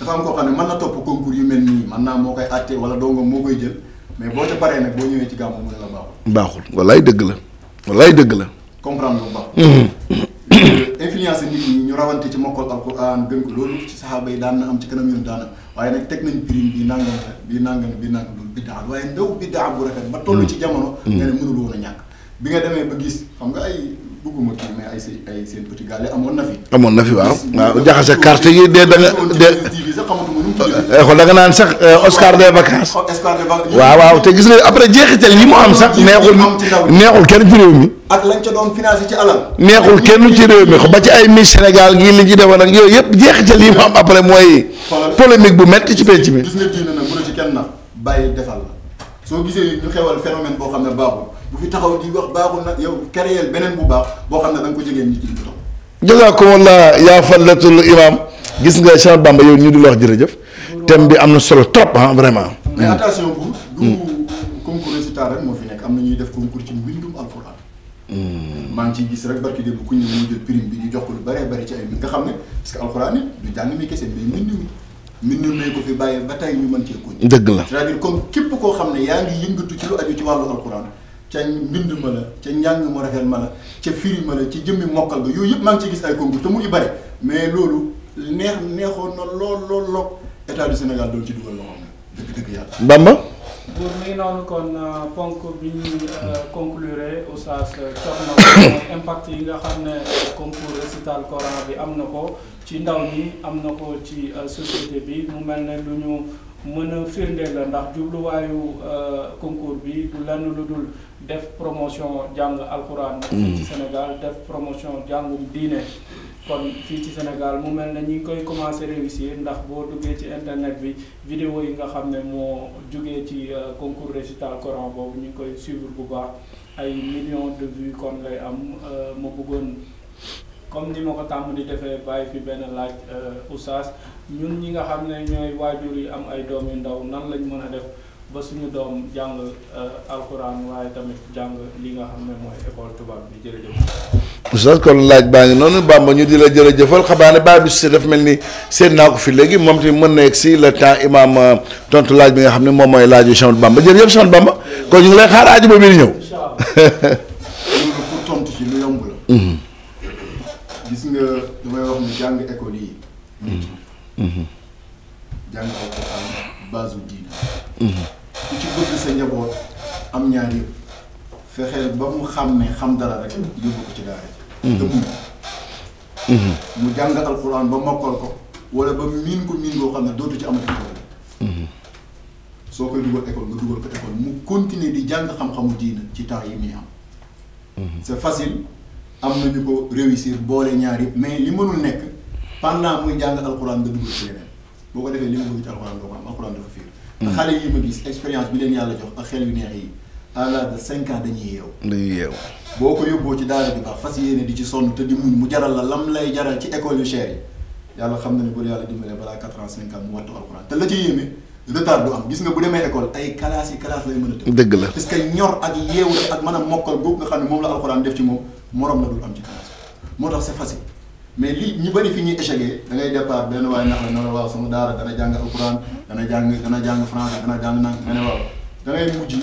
dafa am koo xam ne mën na topp concours yu mel nii mën naa moo koy àtte wala dong moo koy jël mais boo ca paree nag boo ñëwee ci gàmmu mu a la baaxul. baaxul wallaay dëgg la wallaay dëgg la. comprendre lu baax. Mhm. influence nit ñi ñu rawante ci mokkal alquran gën ko loolu ci saxaaba yi daan na am ci kanam yoon daan na waaye nag teg nañ prime bi nangam bi nangam bi nangam loolu biddaa waaye ndaw biddaa bu rafet ba toll ci jamono mhm. nga ne mënul a ñàkk bi nga demee ba gis xam nga ay bëgguma kii mais ay seen ay seen petit gàllé amoon na fi. amoon na fi waaw waaw jaxase carte yi de da nga de eh, eh, xool da nga naan sax eh, Oscar des vacances. Oscar oh, des vacances waaw waaw te gis nga après jeexital yi mu am sax neexul neexul kenn ci réew mi. neexul kenn ci réew mi ba ci ay Miss Sénégal gii li ci defoon ak yooyu yëpp jeexital yi mu am après mooy. polémique bu métti ci penc mi. gis nga diine nag bu la ci kenn na bàyyi defal bu fi taxaw di wax baaxul nag yow kéréel beneen bu baax boo xam ne da nga ko jegee nit ñi taxaw. jazakumullah yaa fadlatul imam gis nga Cheikh ba yow ñu di la wax jërëjëf. thème bi am na solo trop ah vraiment. mais hmm. attention bu. du hmm. concours récital rek moo fi nekk am na ñuy def concours ci mbindum alquran. Hmm. maa ngi ciy gis rek barki démb ku ñëw mu jël prime bi di jox lu baree bëri ci ay mi nga xam ne parce que alquran nit du jàng mi kese mais mbind mi. mbind mi ko fi bàyyee ba tey ñu mën cee la cest à koo xam ne yaa ngi yëngatu ci ca mbind ma la ca njàng mu rafet ma la ca firi ma la ci jëmmi mokkal ba yooyu yëpp maa ngi ci gis ay concours te mu ngi bare mais loolu neex neexoon na lool lool lool état du Sénégal doon ci dugal loo xam ne dëgg dëgg yàlla. Bamba. buur mi noonu kon euh, ponk bi ñuy euh, conclure oustaz cox euh, na ko xam ne concours récital bi am na ko ci ndaw ñi am na ko ci société bi mu mel ne lu ñu. mën a firndee la ndax jubluwaayu euh, concours bi du lenn lu dul def promotion jàng alxuraan. Mm. fii ci Sénégal def promotion jàngum diine. kon fii ci Sénégal mu mel ne ñi ngi koy commencé réussir ndax boo duggee ci internet bi vidéo yi nga xam ne moo jugee ci euh, concours récital coran boobu ñu ngi koy suivre bu baax ay millions de vues kon lay am euh, ma bëggoon comme ni ma ko tàmm di defee bàyyi fi benn laaj oustaz ñu ñi nga xam ne ñooy waajur yi am ay doom ndaw nan lañ mën a def ba suñu doom jàng euh, alxuraan waaye tamit jàng li nga xam ne mooy école tubaab bi jërëjëf. oustaz kon laaj baa ngi noonu Bamba ñu di la jërëjëfal xabaar ne baa bi si daf mel ni seet naa ko fi léegi moom tamit mën na si le temps imam euh, tontu laaj bi nga xam ne moom mooy laaju Cheikh Bamba jërëjëf Cheikh Bamba kon ñu ngi lay xaar aaju ba biir ñëw. ci lu yomb la. Mhm. jàng alxuraan baasu diina ku ci bëgg sa njaboot am ñaar fexeel ba mu xam ne xam dara rek yóbbu ko ci daara mhm. dëgg mhm. mu jàng alxuraan ba mokkal ko wala ba miin ko miin boo xam ne dootu ci amati problème mhm. soo koy dugal école nga dugal ko école mu continuer di jàng xam-xamu diina ci temps yi muy am c'est facile am nañu ko réussir boole ñaar mais li mënul nekk pendant muy jàng alxuraan nga dugal ci leneen boo ko defee li mu bëgg ci alxuraan doo ko am alxuraan dafa fiir te xale yi ma gis expérience bi leen yàlla jox ak xel yu neex yi à l'âge de cinq ans dañuy yeew dañuy yeew boo ko yóbboo ci daara bi baax fas yéene di ci sonn te di muñ mu jaral la lam lay jaral ci école yu cher yi yàlla xam na ne bu yàlla dimbalee balaa quatre ans cinq ans mu wattu alxuraan te la ci yéeme retard du am gis nga bu demee école ay classes yi classes lay mën a tëb dëgg la parce que ñor ak yeewu ak mën a mokkal boobu nga xam ne moom la alxuraan def ci moom morom la dul am ci classe moo tax c'est facile mais li ñu bëri fi ñuy échecgee da ngay départ benn waaye nax la na la waaw sama dana jàng alxuraan dana jàng dana jàng dana jàng nang nga ne waaw da ngay mujj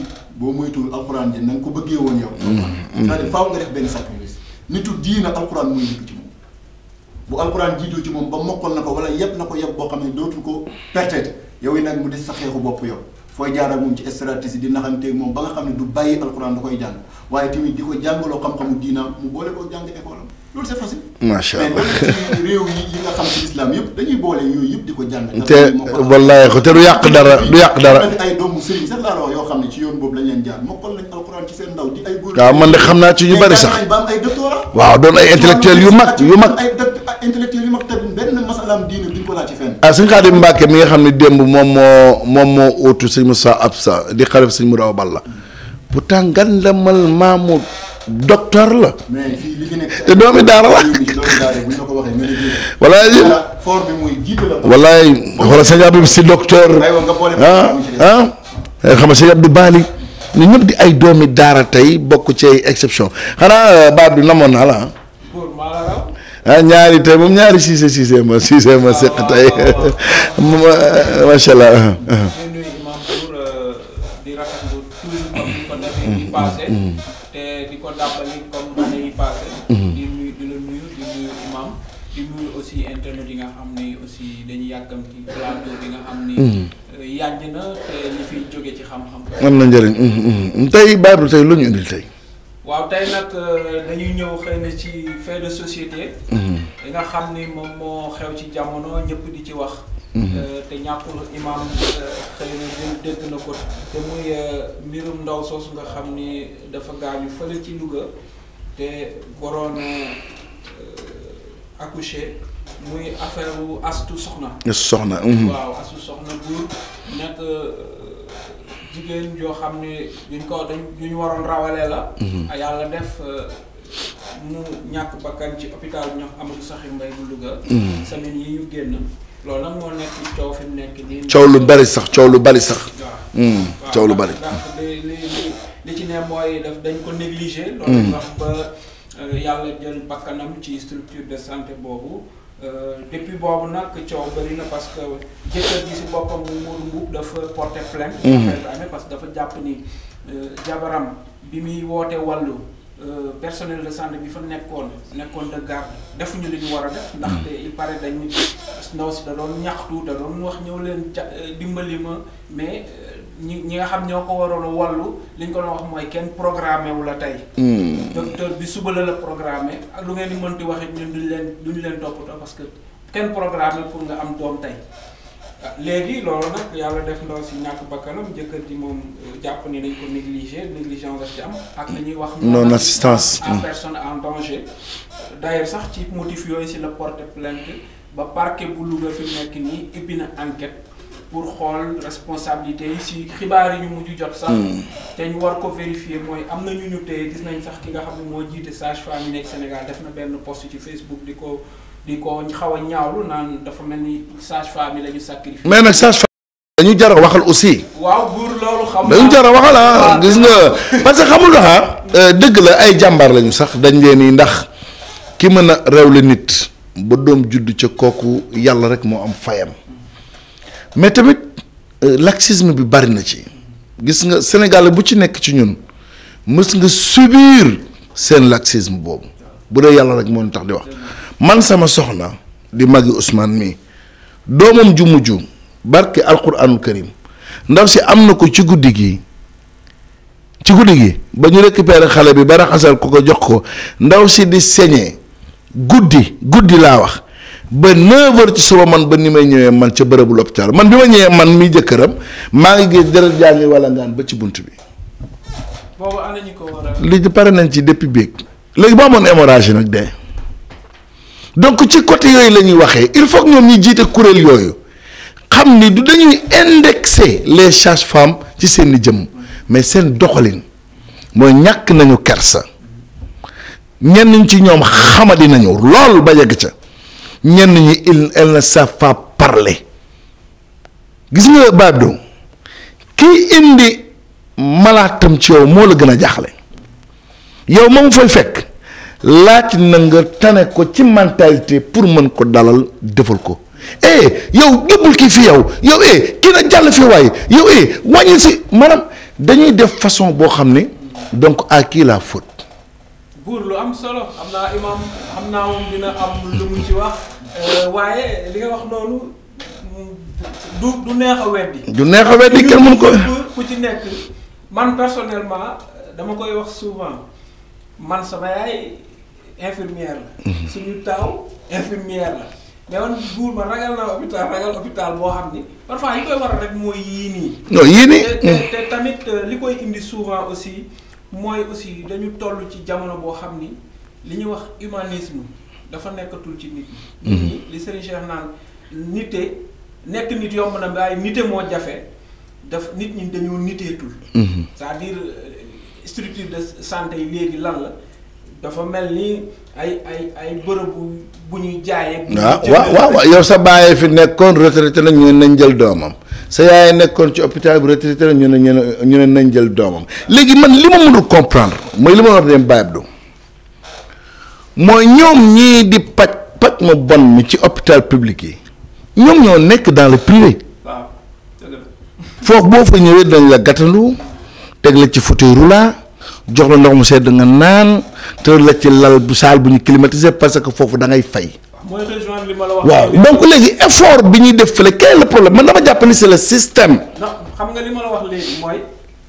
na nga ko bëggee woon yow mm-hmm. Mm-hmm. c'est-à-dire nga def benn sacrifice nitu diina alxuraan muy dugg ci moom bu alxuraan jiitoo ci moom ba mokkal na ko wala yëpp na ko yëpp boo xam ne dootul ko pertete yow yi nag mu des sa xeexu bopp yow fooy jaar ak moom ci stratégie di naxanteeg moom ba nga xam ne du bàyyi alxuraan da koy jàng waaye tamit di ko jàngaloo xam-xamu diina mu boole koo jàng école loolu c'est facile. macha xam ci islam yëpp ko jàng. te wallaahi te du yàq dara du yàq dara. ay yoo xam ne ci yoon boobu lañ leen man de xam naa ci ñu bari sax waaw doon ay intellectuel yu mag yu mag. ay intellectuel yu mag te benn masalaam ah, Mbàkke mi nga xam ne démb moom moo moom moo ootu sëñ Moussa Absa di xalif sëñ Mouraw Balla pourtant gan la mal Mahmoud docteur la. mais fii te doomi daara la. walaay. fort bi mooy jiite la. walaay xoolal sëñ Abib si docteur. ah ah. Eh, xam nga sëñ bi Bali. ñu ñëpp di ay doomi daara tey bokk ci exception xanaa euh, baat bi namoon naa la ah. ah, ñaari tey moom ñaari siise siise ma siise ma ah. seq tey euh, macha allah. ni mm. euh, yàgg na te li fiy jóge ci xam-xam. am na njëriñ mm, mm, tey Badou tey lu ñu indil tey. waaw tey nag euh, dañuy ñëw xëy na ci fait de société. Mm-hmm. li nga xam ni moom moo xew ci jamono ñëpp di ci wax. Mm-hmm. Euh, te ñàkkul imaam xëy na ñun na ko te muy mbirum ndaw soosu nga xam ni dafa gaañu fële ci Louga te waroon accoucher. muy affaire wu astu soxna. soxna. Mhm. waaw astu soxna buur nekk euh, jigéen joo xam ne duñ ko duñ waroon rawalee la. Mhm. yàlla def euh, mu ñàkk bakkan ci hôpital bu ñox Amadou Sakhir Mbaye bu Louga. Mhm. semaine yi ñu génn. loolu nag moo nekk coow fi nekk nii. coow lu bari sax coow lu bari sax. coow lu bari. ndax li li li ci ne mooy daf dañ ko négliger. loolu wax ba euh, yàlla jël bakkanam ci structure de santé boobu. Euh, depuis boobu nag ciow bari na parce que jëkkër gi bopam mu mu mu dafa porter plainte mhm. amee parce que dafa japp ni euh, jabaram bi mi woote walu euh, personnel de santé bi fa nekkoon nekkoon de garde ñu li ñu wara def mhm. ndax té il paraît dañ ndaw ci da doon ñaxtu da doon wax ñew leen dimbali ma mais ñi ñi nga xam ñoo ko waroon a wallu li ñu ko doon wax mooy kenn programmé wu la tey. Hmm. docteur bi suba la la programme ak lu ngeen di mënti wax leen ñun duñ leen duñ leen toppatoo parce que kenn programmé pour nga am doom tey. Ah, léegi loolu nag yàlla def ndaw si ñàkk bakkanam jëkkër ji moom euh, jàpp ni dañ ko négligé négligence daf ci am. ak li ñuy wax. non assistance à hmm. personne en danger. d'ailleurs sax ci motif yooyu si la porte plainte ba parquet bu Louga fi mu nekk nii ubbi na enquête. pour xool responsabilité yi si xibaar yi ñu mujj jot sax. Hmm. te ñu war ko vérifier mooy am na ñu ñu tey gis nañ sax ki nga xam ne moo jiite sage-femme yi Sénégal def na benn post ci Facebook di ko di ko xaw a ñaawlu naa dafa mel ni sage-femme yi la ñu sacrifié. mais nag sage-femme dañu jar a waxal aussi. waaw buur loolu xam dañu jar a waxal ah, gis nga parce que xamul la ah, euh, dëgg la ay jàmbaar lañu sax dañ leen ni ndax ki mën a réew nit ba doom judd ca kooku yàlla rek moo am fayam. mais tamit euh, laxisme bi bari na ci gis nga Sénégal bu ci nekk ci ñun mës nga subir seen laxisme boobu bu dee yàlla rek moo tax di wax man sama soxna di maggi Ousmane mi doomam ju mujj barke alquranul karim ndaw si am na ko ci guddi gii ci guddi gi ba ñu récupéré xale bi ba raxasal ko ko jox ko ndaw si di sañee guddi guddi laa wax ba 9 heures ci suba man ba ni may ñëwee man ca bërëbu lopitaal man bi ma ñëwee man mi jëkkëram maa ngi gis deret jaa ngi wala ngaan ba ci bunt bi. boobu ana ñu ko war pare nañ ci depuis beeg. léegi ba amoon hémorragie nag de donc ci côté yooyu la ñuy waxee il faut que ñoom ñu jiite kuréel yooyu xam ni du dañuy indexer les sages-femmes ci seen i jëmm mais seen doxalin mooy ñàkk nañu kersa ñenn ci ñoom xamadi nañu lool ba yegg ca. ñenn ñi il elle ne savent pas parler gis nga Badou kii indi malaatam ci yow moo la gën a jaaxle yow moom fay fekk laaj na nga tane ko ci mentalité pour mën ko dalal defal ko eh yow jubul kii fi yow yow eh kii na jàll fii waaye yow eh wàññi si maanaam dañuy def façon boo xam ne donc à qui la faute. buur lu am solo xam naa imaam xam naa moom dina am lu mu ci wax euh, waaye li nga wax loolu du du neex a du neex a weddi kenn mun ko ku ci nekk man personnellement dama koy wax souvent man sama yaay infirmière la. Mhm. suñu taaw infirmière la. mais man buur man ragal naa hôpital ragal hôpital boo xam ni parfois yi koy waral rek mooy yii nii. non yii nii. te mm. tamit euh, li koy indi souvent aussi. mooy aussi dañu toll ci jamono boo xam ni li ñuy wax humanisme dafa nekkatul ci nit ñi. Mhm. li sëriñ Cheikh naan nite nekk nit yomb na waaye nite moo jafe daf nit ñi dañoo niteetul. Mhm. c'est-à-dire euh, structure de santé yi léegi lan la dafa mel ni. ay ay ay bërëbu bu ñuy ah, waaw waaw waaw yow sa bàyyee fi nekkoon retraité la ñu ne nañ jël doomam sa yaay nekkoon ci hôpital bi retraité la ñu ne ñu ne nañ jël doomam léegi man li ma mënul comprendre mooy li ma wax dem Baye Abdou mooy ñoom ñii di paj paj mu bon mi ci hôpital public yi ñoom ñoo nekk dans le privé. waaw foofu boo fa ñëwee dañ la gàttandu teg la ci fauteuil roulant. jox la ndox mu sedd nga naan tëral la ci lal bu saal bu ñu climatisé parce que foofu da ngay fay. mooy région li ma la wax. waaw donc léegi effort bi ñuy def fële quel est le problème man dama jàpp ni c'est le système. non xam nga li ma la wax léegi mooy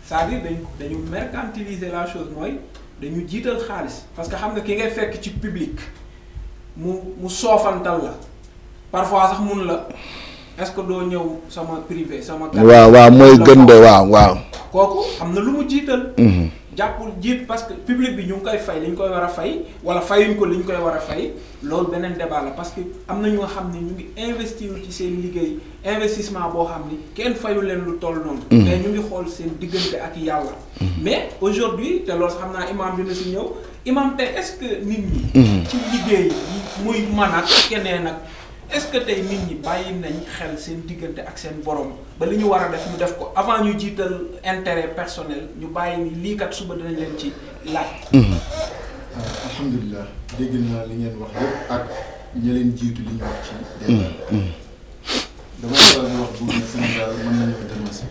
saa à dire dañu dañu la chose mooy dañu jiital xaalis parce que xam nga ki ngay fekk ci public mu mu soofantal la parfois sax mun la est doo ñëw sama privé sama. waaw waaw mooy gën de waa am na lu mu jiital. Mhm. jàppul jiit parce que public bi ñu ngi koy fay li ñu koy war a fay wala fayuñ ko li ñu koy war a fay loolu beneen débat la parce que am na ñu nga xam ne ñu ngi investir ci seen liggéey investissement boo xam ni kenn fayu leen lu toll noonu. Mm. mais ñu ngi xool seen diggante ak yàlla. Mm. mais aujourd'hui te lool xam naa imaam dina si ñëw imaam te est-ce que nit ñi. Mm. ci liggéey muy man ak keneen ak. est-ce que tey nit ñi bàyyi nañ xel seen diggante ak seen borom ba li ñu war a def ñu def ko avant ñu jiital intérêt personnel ñu bàyyi ni lii suba dinañ leen ci laaj. Mhm. alhamdulilah dégg naa li ngeen wax yëpp ak ña leen jiitu li ñu wax ci. Mhm, mhm. dama faral di wax bu ne Sénégal mën nañoo dénoncer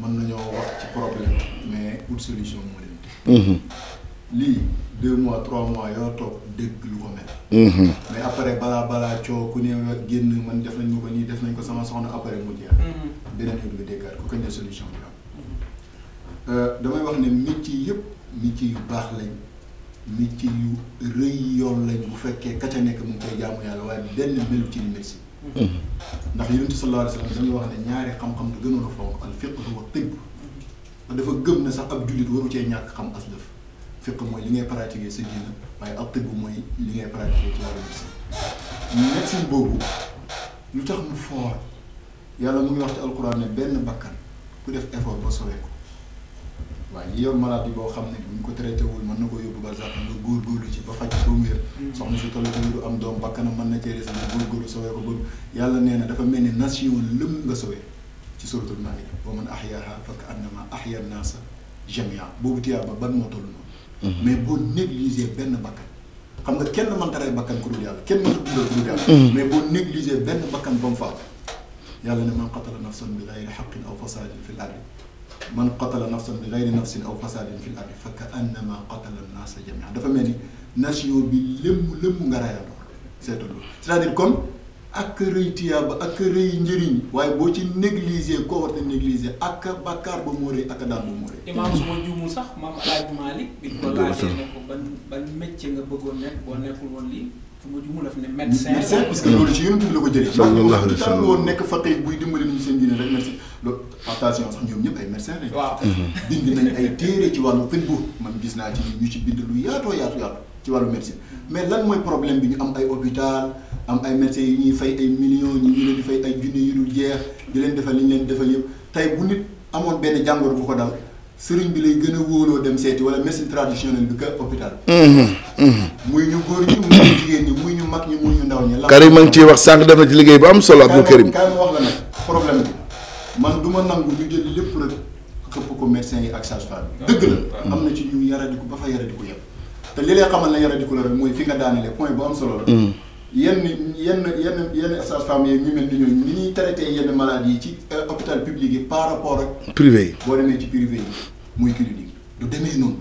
mën nañoo wax ci problème mais pour solution moo leen. li deux mois trois mois yoo top dégg lu ko mel. Mhm. mais après balaa balaa coow ku ne génn man def nañ ko ni def nañ ko sama soxna après mu jeex. Mhm. beneen heure bi déggaat ko kañ solution bi am. Mhm. Euh, damay wax ne métier yep métier yu bax lañ métier yu rëy yoon lañ bu fekke ka ca nekk mu ngi koy jaamu yàlla waaye benn melu ci li ndax yonent sallallahu alayhi wa sallam dañuy wax ne ñaari xam-xam du gënoon a fonk al fiqh wa tibb dafa gëm ne sax ab jullit waru cee ñàkk xam aslëf fépp mooy li ngay pratiquer sa diina waaye ab tëbb mooy li ngay pratiquer ci wàllu médecine médecine boobu lu tax mu foor yàlla mu ngi wax ci alxuraan ne benn bakkan ku def effort ba sowee ko waaye ñi yor boo xam ne buñ ko traité wul mën na ko yóbbu ba sax nga góorgóorlu ci ba faj ko wér mm. soxna si toll tamit du am doom bakkanam mën na cee sa nga góorgóorlu sowee ko ba yàlla nee na dafa mel ni nas yi woon lëm nga sowee ci suratul maida wa man ahyaaha fa ka annama ahya naasa jamia boobu tiyaa ba ban moo toll mais boo négliger ben bakkan xam nga kenn man taray bakkan ko dul yàlla kenn man ko ku dul yàlla. mais boo négliger ben bakkan bam fa yàlla ne man qatala nafsan bi ghayri haqqin aw fasadin fil ardi man qatala nafsan bi ghayri nafsin aw fasadin fil ardi fa ka'annama qatala an naasa jamia dafa melni nation bi lemb lemb nga rayandoo seetal c'est-à-dire comme. ak rëy tiyaaba ak rëy njëriñ waaye boo ci négligé koo war te négligé ak bàkkaar ba moo rëy ak daan ba moo rëy imaam sax maam Alaaji Maalik bi ko ne ma juumul daf ne médecin médecin parce que loolu ci yonent bi la ko jëlee sallallahu alayhi wa sallam woon nekk buy dimbali ñu seen diine rek merci loolu attention sax ñoom ñëpp ay médecin lañ waaw bind nañ ay téere ci wàllu fën boobu man gis naa ci ñu ci bind lu yaatoo yaatu yaatu ci wàllu médecine mais lan mooy problème bi ñu am ay hôpital am ay médecins yu ñuy fay ay millions ñu ñu leen di fay ay junni yu dul jeex di leen defal li leen defal yëpp tey bu nit amoon benn jàngoro bu ko dal sëriñ bi lay gën a wóoloo dem seeti wala médecine traditionnelle bi ka hôpital. Mhm, mhm. muy ñu góor ñi muy ñu jigéen ñu mag ñi muy ñu ndaw ñi. la ma ngi ciy wax sànq def na ci liggéey bu am solo Abdou Karim. Karim wax la nag problème bi man du nangu ñu jël lépp rek xëpp ko médecins yi ak sage-femme bi. dëgg la mhm. am na ci ñu yaradiku ba fa yaradiku yëpp li lay xamal ne yaradiku mooy fi nga daanelee point bu am solo la. yenn yenn yenn yenn sages-femmes yi ñu mel ni ñooñu ni ñuy traité yenn maladies yi ci euh, hôpital public yi par rapport ak. privé yi boo demee ci privé yi muy clinique du demee noonu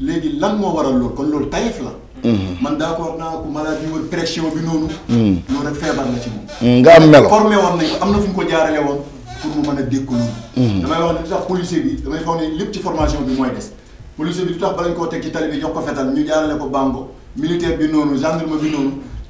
léegi lan moo waral loolu kon loolu tayef la. Mhm. man d'accord naa ko maladie wër pression bi noonu. Mhm. loolu rek feebar la ci moom. Mhm, nga am melo formé woon nañ ko am na fu ñu ko jaarale woon pour mu mën a dékku loolu. damay wax ne li tax policier bi damay foog ne lépp ci formation bi mooy des policier bi li tax bala ñu koo teg ci tali bi jox ko fetal ñu jaarale ko bango militaire bi noonu gendarme bi noonu.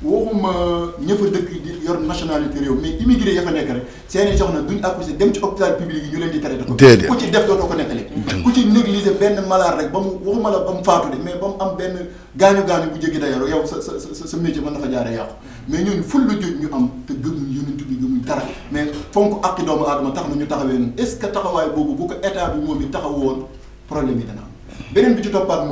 waxuma ña fa dëkk di yor nationalité réew mais immigré ya fa nekk rek seen i soxna duñ accusé dem ci hôpital public yi ñu leen di traité ko ku ci def dootoo ko nettali ku ci négligé benn malade rek ba mu waxuma la ba mu faatu de mais ba mu am benn gaañu gaañu bu jéggi dayoo yow sa sa sa sa métier ful la jot ñu am te gëmuñ yonent bi gëmuñ dara mais fonk àqi doomu aadama tax na ñu taxawee noonu est ce que taxawaay boobu bu ko état bi moom it taxaw woon problème yi dana am beneen bi ci toppaat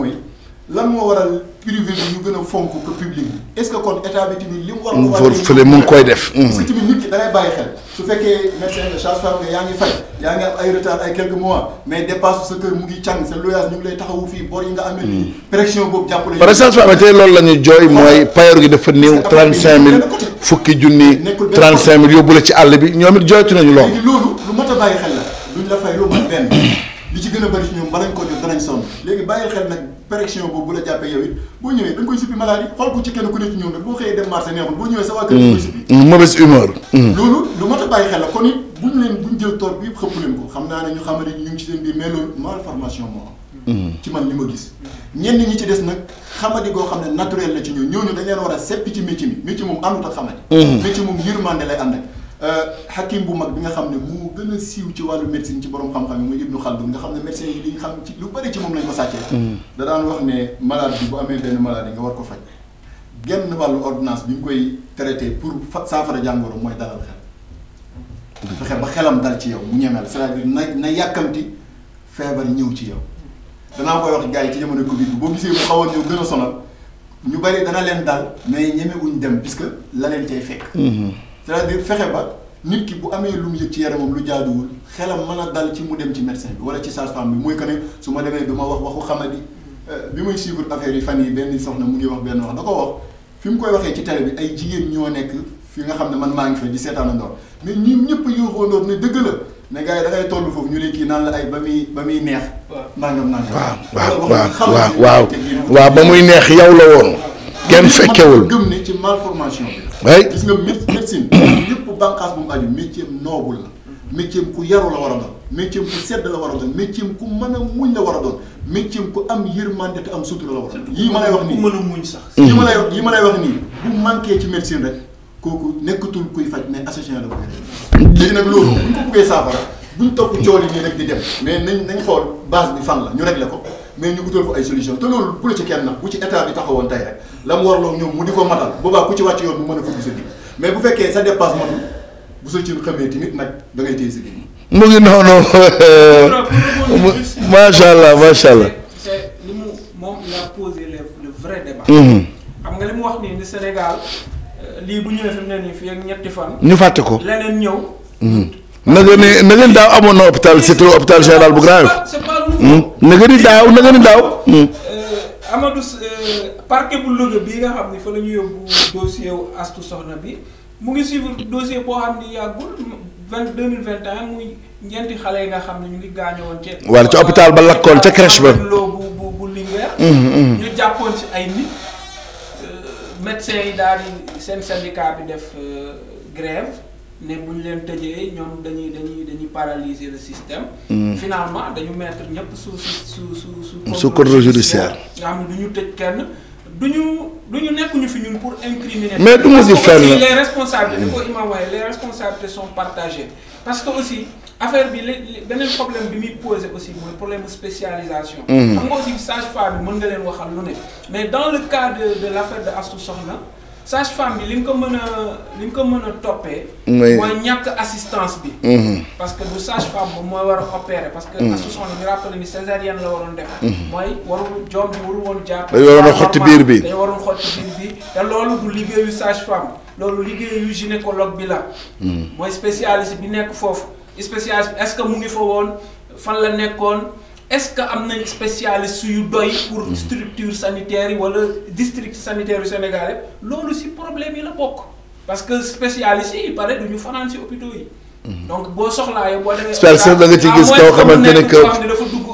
lan moo waral privé bi ñu gën a fonk ko public bi est-ce que kon état bi tamit li mu war a. Mm, war fële mu ngi koy def. parce mm. que tamit nit ki da ngay bàyyi xel su fekkee médecin de charge femme nga yaa ngi fay yaa ngi am ay retard ay quelques mois mais dépasse sa kër mu ngi càng sa loyaas ñu ngi lay taxawu fii bor yi nga amee nii. Mm. pression boobu jàpp nañu. par exemple femme tey loolu la ñuy jooy mooy payoor gi dafa néew. trente cinq mille fukki junni trente cinq mille yóbbu la ci àll bi ñoom it jooytu nañu loolu. léegi loolu lu mot a bàyyi xel la duñ la fay lu mat benn li ci gën a bëri ci ñoom ba lañ ko jot danañ sonn léegi bàyyi xel nag péréction boobu bu la jàppee yow it boo ñëwee da nga koy suppi maladie xool ko ci kenn ku ne ñoom nag boo xëyee dem marché neexul boo ñëwee sa waa kër da koy suppi mm. Mm, mm. la kon leen bu jël toor bi yëpp xëpp leen ko xam naa ne ñu xamane ñu ngi ci seen biir loolu malformation moo am ci man li ma gis ñenn ñi ci des nag xamadi goo xam ne naturel la ci ñoom ñooñu dañ leen war a seppi ci métier mi métier moom àndut ak xamadi métier moom yërmande lay ànd ak xakim euh, bu mag bi nga xam ne mu gën a siiw ci wàllu médecine ci borom xam-xam yi muy Ibnu Xaldun nga xam ne médecin yi dañu xam ci lu bëri ci moom lañ ko sàccee. Mm. wax ne malade bi amee benn maladie nga war ko faj genn wàllu ordonnance bi ñu koy traité pour fa saafara jàngoro mooy dalal mm. fexe ba xelam dal ci yow mu ñeme la c'est-à-dire na feebar ñëw ci yow. danaa koy wax gars yi ci jamono Covid bi boo gisee mu xawoon ñëw gën a sonal ñu bëri dana leen daal mais ñeme dem puisque la leen cay fekk. cest à fexe ba nit ki bu amee lu mu yëg ci yaramam lu jaaduwul xelam man a dal ci mu dem ci médecin bi wala ci sage-femme bi muy que ne su ma demee du ma wax waxu xamadi euh, bi muy suivre affaire yi fan yi benn soxna mu ngi wax benn wax da ko wax fi mu koy waxee ci télé bi ay jigéen ñoo nekk fi nga xam ne man maa ngi fa di seetaanandoor mais ñi ñëpp yooxoondoor ne dëgg la ne gaa yi da ngay toll foofu ñu ne kii naan la ay ba muy ba muy neex nangam nangam waaw waaw waaw waaw waaw ba muy neex yow la woon kenn fekkewul gëm ne ci malformation bi. ay gis nga médecine ñëpp bànqaas bu mu aju métier noble la. métier ku yaru la war a doon métier ku sedd la war a doon métier ku mën a muñ la war a doon métier ku am yërmande te am sutura la war a yii ma lay wax nii ku mën a sax. yii ma mm-hmm. lay yii ma lay nii bu manqué ci médecine rek kooku nekkatul kuy faj mais association la koy def. léegi nag loolu bu ñu ko buggee saafara bu ñu topp cool yi nii rek di dem mais nañ nañ xool base bi fan la ñu réglé ko mais ñu utal ko ay solution te loolu bu la ci kenn na bu ci état bi taxawoon tey rek. lam mu warloo ñoom mu di ko matal boobaa ku ci wacc yoon bu mën a fugg sa mais bu fekkee sa dépasse matul bu sa ci xamee timit nak da ngay téye sa ji. mu ngi non non ma sha allah ma sha allah. c'est limu mom moom il a posé le vrai débat. Mm-hmm. xam nga limu wax ni ni Sénégal euh, li bu ñëwé fi mu ne nii ak ñetti fan. ñu faté ko leneen ñëw. Mm-hmm. na nga ne na nga daaw amono hôpital c'était hôpital général bu grave mm-hmm. na nga ni daaw na nga ni daaw. Amadou euh, parquet bu Louga bii nga xam ni fa la ñu yóbbu dossier wu astu soxna bi mu ngi suivre dossier boo xam ni yàggul vingt deux mille vingt et un muy ñeenti xale yi nga xam ne ñu ngi gaañowoon ci wala ca hôpital ba lakkoon ca crèche ba loo bu bu bu Linguère ñu jàppoon ci ay nit euh, médecins yi daal di seen syndicat bi def euh, grève ne bu ñu leen tëjee ñoom dañuy dañuy dañuy paralyser le système. Hmm. finalement dañu mettre ñëpp sous sous sous sous. contrôle judiciaire. nga xam ne du tëj kenn duñu duñu du nekkuñu fi ñun pour incriminer. mais du ma si fenn les responsables ni ko Imam waxee les responsabilités sont partagées parce que aussi affaire bi li beneen problème bi muy posé aussi mooy problème spécialisation. Hmm. xam nga aussi sage-femme bi mën nga leen waxal lu ne mais dans le cas de de l'affaire de Astou Sokhna. sage femme bi li nga ko mën a li nga ko mën a toppee. mooy ñàkk assistance bi. Mhm. parce que du sage femme moom mooy war a parce que mhm. association bi ñu rappelé ni césarienne la waroon def. Mhm. mooy warul joom bi warul woon jàpp. dañu waroon a xotti biir bi dañu waroon xotti biir bi te loolu du liggéeyu sage loolu liggéeyu gynécologue bi la. mooy spécialiste bi nekk foofu spécialiste est-ce que mu ngi fa woon fan la nekkoon. est-ce que am nañ spécialiste yu doy pour mm-hmm. structure sanitaire yi wala district sanitaire yu Sénégal yëpp loolu si problème yi la bokk parce que spécialiste yi pare du ñu fanaan si hôpitaux yi mm-hmm. donc boo soxlaa yow boo demee da nga ci gis koo xamante ne que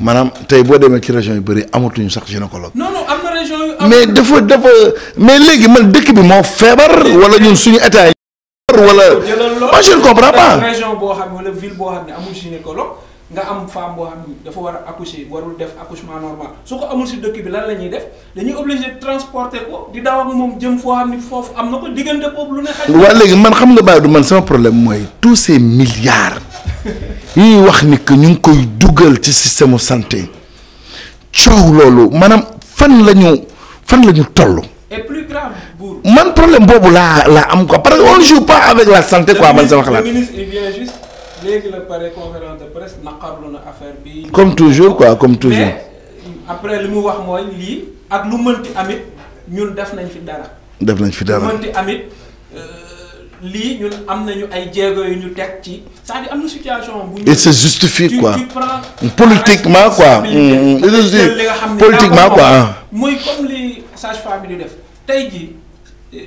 maanaam tey boo demee ci région yu bëri amatuñu sax gynécologue. non non mais dafa dafa mais léegi man dëkk bi moo feebar wala ñun suñu état yi. wala. man je ne comprends pas région boo xam ne wala ville boo xam ne amul gynécologue. nga am femme boo xam ni dafa war a accoucher warul def accouchement normal su ko amul si dëkk bi lan la ñuy def dañuy obligé transporter ko di daw ak moom jëm foo xam ni foofu am na ko diggante boobu lu ne. xaj waaw léegi man xam nga bàyyi du man sama problème mooy tous ces milliards ñuy wax nikk ñu ngi koy dugal ci système santé coow loolu maanaam fan la fan la ñu toll. et plus man problème boobu laa laa am ko parce que on ne joue pas avec la santé quoi man sama xalaat. comme toujours quoi comme toujours. mais euh, après li wax moy li ak lu mënti amit ñun def nañ fi dara. def nañ fi dara lu mënti amit euh, li ñun am nañu ay jéego yu ñu tek ci c'est-à-dire am situation bu ñu. et se justifie quoi politiquement quoi. Mm, mm, politiquement quoi. moy comme li sage-femme di def tey jii euh,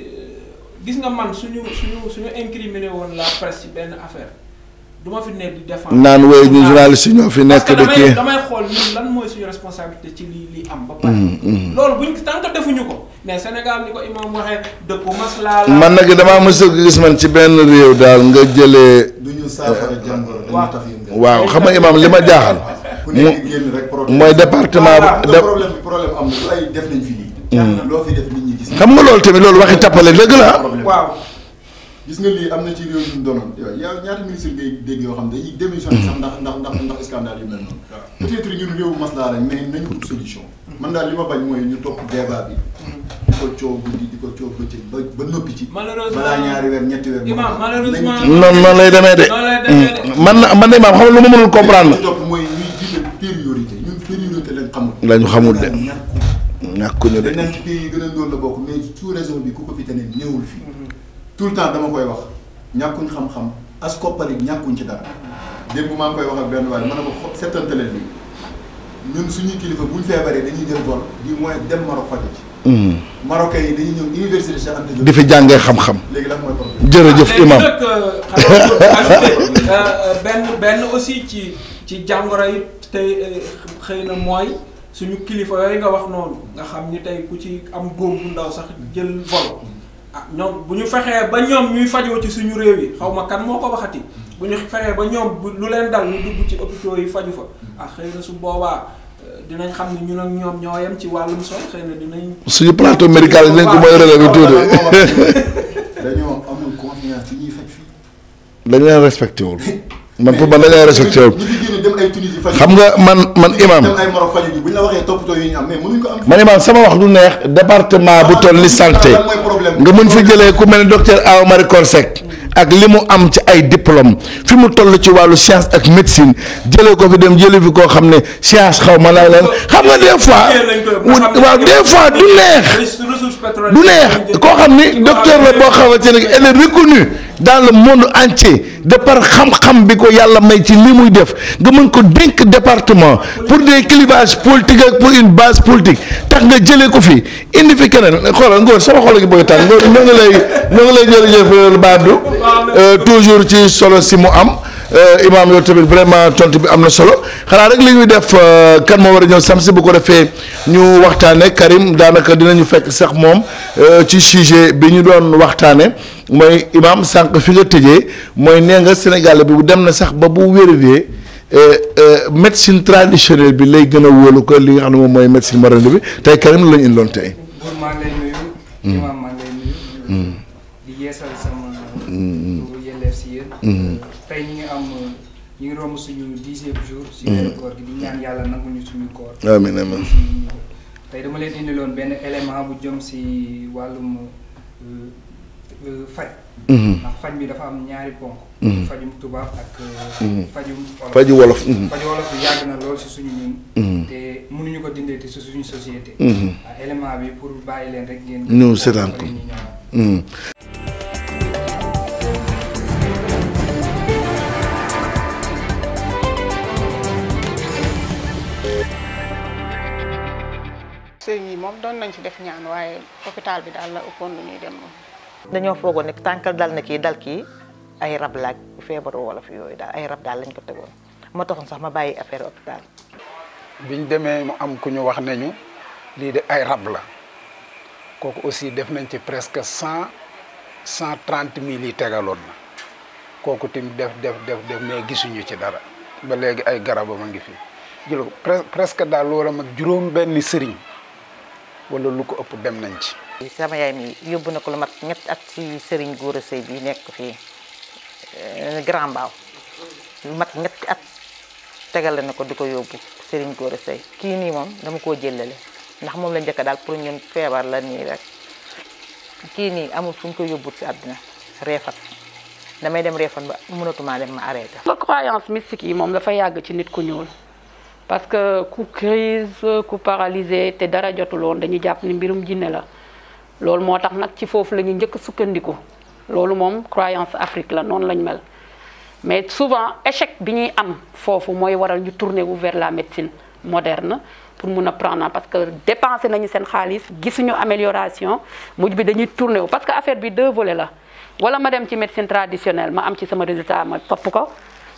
gis nga man suñu suñu suñu incriminer woon la presse ci benn affaire. du ma fi nekk di défendre. naan wooy ñu ah, journaliste ñoo fi nekk. de kii damay xool ci li li am. ba pare mm, mm. defuñu ko mais man nag damaa mos a gis man ci benn réew daal nga jële du ñu saafara waaw xam nga imam li ma jaaxal. ku nekk génn rek problème mooy département bi. problème bi problème am na lu mm. loo fi def nit ñi gis. xam nga loolu tamit loolu waxi tappale dëgg la. gis nga lii am na ci réew ñu doonoon waaw yow ñaata ministre ngay dégg yoo xam ne dañuy démissionné sax ndax ndax ndax ndax scandale yu mel noonu peut être ñun réewu man daal li ma bañ ñu topp débat bi di di ko coow bëccëg ba ba noppi ci balaa ñaari weer ñetti weer noonu noonu lay demee de mm. man man na maam xam lu ma mënul comprendre la topp mooy ñuy jiite priorité ñun priorité lañ xamul lañu xamul de ñàkkuñu de dañ naan ci pays yi gën a ndóol la bokk mais bi ku ko fi tane néewul fii tout le dama koy wax ñàkkuñ xam-xam as koppali ñàkkuñ ci dara démb maa koy wax ak benn waaye ma ne ko settantaleen bi ñun suñuy kilifa buñ feebaree dañuy jël vol du moins dem Maroc faju ci hmm. Marocains yi dañuy ñëw université Cheikh Anta Diop di fi jàngee xam-xam léegi lan mooy problème jërëjëf ah, imam euh, euh, euh, benn benn aussi ci ci jàngoro yi na mooy suñu kilifa yooyu nga wax noonu nga xam ni tey ku ci am góom bu ndaw sax jël vol ah ñoom bu ñu fexee ba ñoom ñuy fajoo ci suñu réew yi xaw ma kan moo ko waxati mm. bu ñu fexee ba ñoom lu leen dal ñu dugg ci hôpitaux yi faju fa mm. ah xëy na su boobaa euh, dinañ xam ne ñun ak ñoom ñoo ci wàllum sol xëy na dinañ. suñu plateau médical dinañ ko mën a relever tuuti. dañoo amul confiance ci ñuy faj fii. dañ leen respecté wul. man pour man dañoo respecté wu. xam nga man man imam man imam sama wax du neex département bu toll ni santé nga mën fi jëlee ku mel ne docteur Awa Marie Coll Seck ak limu am ci ay diplôme fi mu tollu ci walu science ak médecine jëlé ko fi dem jëlé fi ko xamné science xaw ma naa leen xam nga des fois waaw des fois du neex du neex koo xam docteur la bo xamante ne elle est reconnue dans le monde entier de par xam-xam bi ko yàlla may ci limuy def nga mën ko dénk département pour des clivages politiques ak pour une base politique tax nga jëlé ko fi indi fi keneen xoolal ngor sama xol gi bëgg tànn ngóor lay ngi lay jël ngi lay jërëjëf Euh, toujours ci solo si mu am euh, imaam yow tamit vraiment tontu bi am na solo xanaa rek li ñuy def euh, kan moo war a ñëw samsi bu ko defee ñu waxtaane Karim daanaka dinañu fekk sax moom ci sujet bi ñu doon waxtaane mooy imaam sànq fi nga tëjee mooy nee nga Sénégal bi bu dem na sax ba bu wéradee médecine traditionnelle bi lay gën a wóolu ko li nga xam ne moom mooy médecine moderne bi tey Karim la ñu indiloon tey. Mm-hmm. lu si mm-hmm. tey ñu ngi am ñu ngi romb suñu dixième jour. si mm-hmm. weeru koor gi di ñaan yàlla nangu ñu suñu koor. amiin amiin tey dama leen indiloon benn élément bu jëm si wàllum euh, euh, faj. ndax faj bi dafa am ñaari ponk. fajum tubaab ak. Euh, fajum wolof faju wolof. faju wolof bi yàgg na lool si suñu ñun. te mënuñu ko dindeeti si suñu société. Ah, élément bi pour bàyyi leen rek ngeen. ñu seetaan ko moom doon nañ ci def ñaan waaye hôpital bi daal la ëppoon lu ñuy dem moom. dañoo foogoon ne tànkal dal na kii dal kii ay rab laa feebaru wolof yooyu daal ay rab daal lañ ko tegoon moo taxoon sax ma bàyyi affaire hôpital. biñ demee mu am ku ñu wax nañu lii de ay rab la kooku aussi def nañ ci presque cent cent trente mille yi tegaloon na kooku tamit def def def def gisuñu ci dara ba léegi ay garabam a ngi fi presque daal loola mag juróom benn sëriñ. wala lu ko ëpp dem nañ ci. sama yaay mi yóbbu na ko lu mat ñetti at ci Serigne Gora Seye bi nekk fii euh, Grand Mbao lu mat ñetti at tegale na ko di ko yóbbu Serigne Gora Seye kii nii moom dama koo jëlale ndax moom la njëkk daal pour ñun feebar la nii rek kii nii amul fu ñu ko yóbbu ci àddina reefat damay dem reefat ba mënatumaa dem ma arrêté. la croyance mystique yi moom dafa yàgg ci nit ku ñuul. parce que coup crise coup paralysé té dara jotul woon dañuy japp ni mbirum jinne la lool motax nak ci fofu lañu ñëk njëkk sukkandiku loolu mom croyance Afrique la non lañ mel mais souvent échec biñuy am fofu moy waral ñu tourner vers la médecine moderne pour mëna prendre parce que dépenser nañu sen xaliss gisunu amélioration muj bi dañuy tourner parce que affaire bi deux volets la wala ma dem ci médecine traditionnelle ma am ci sama résultat ma top ko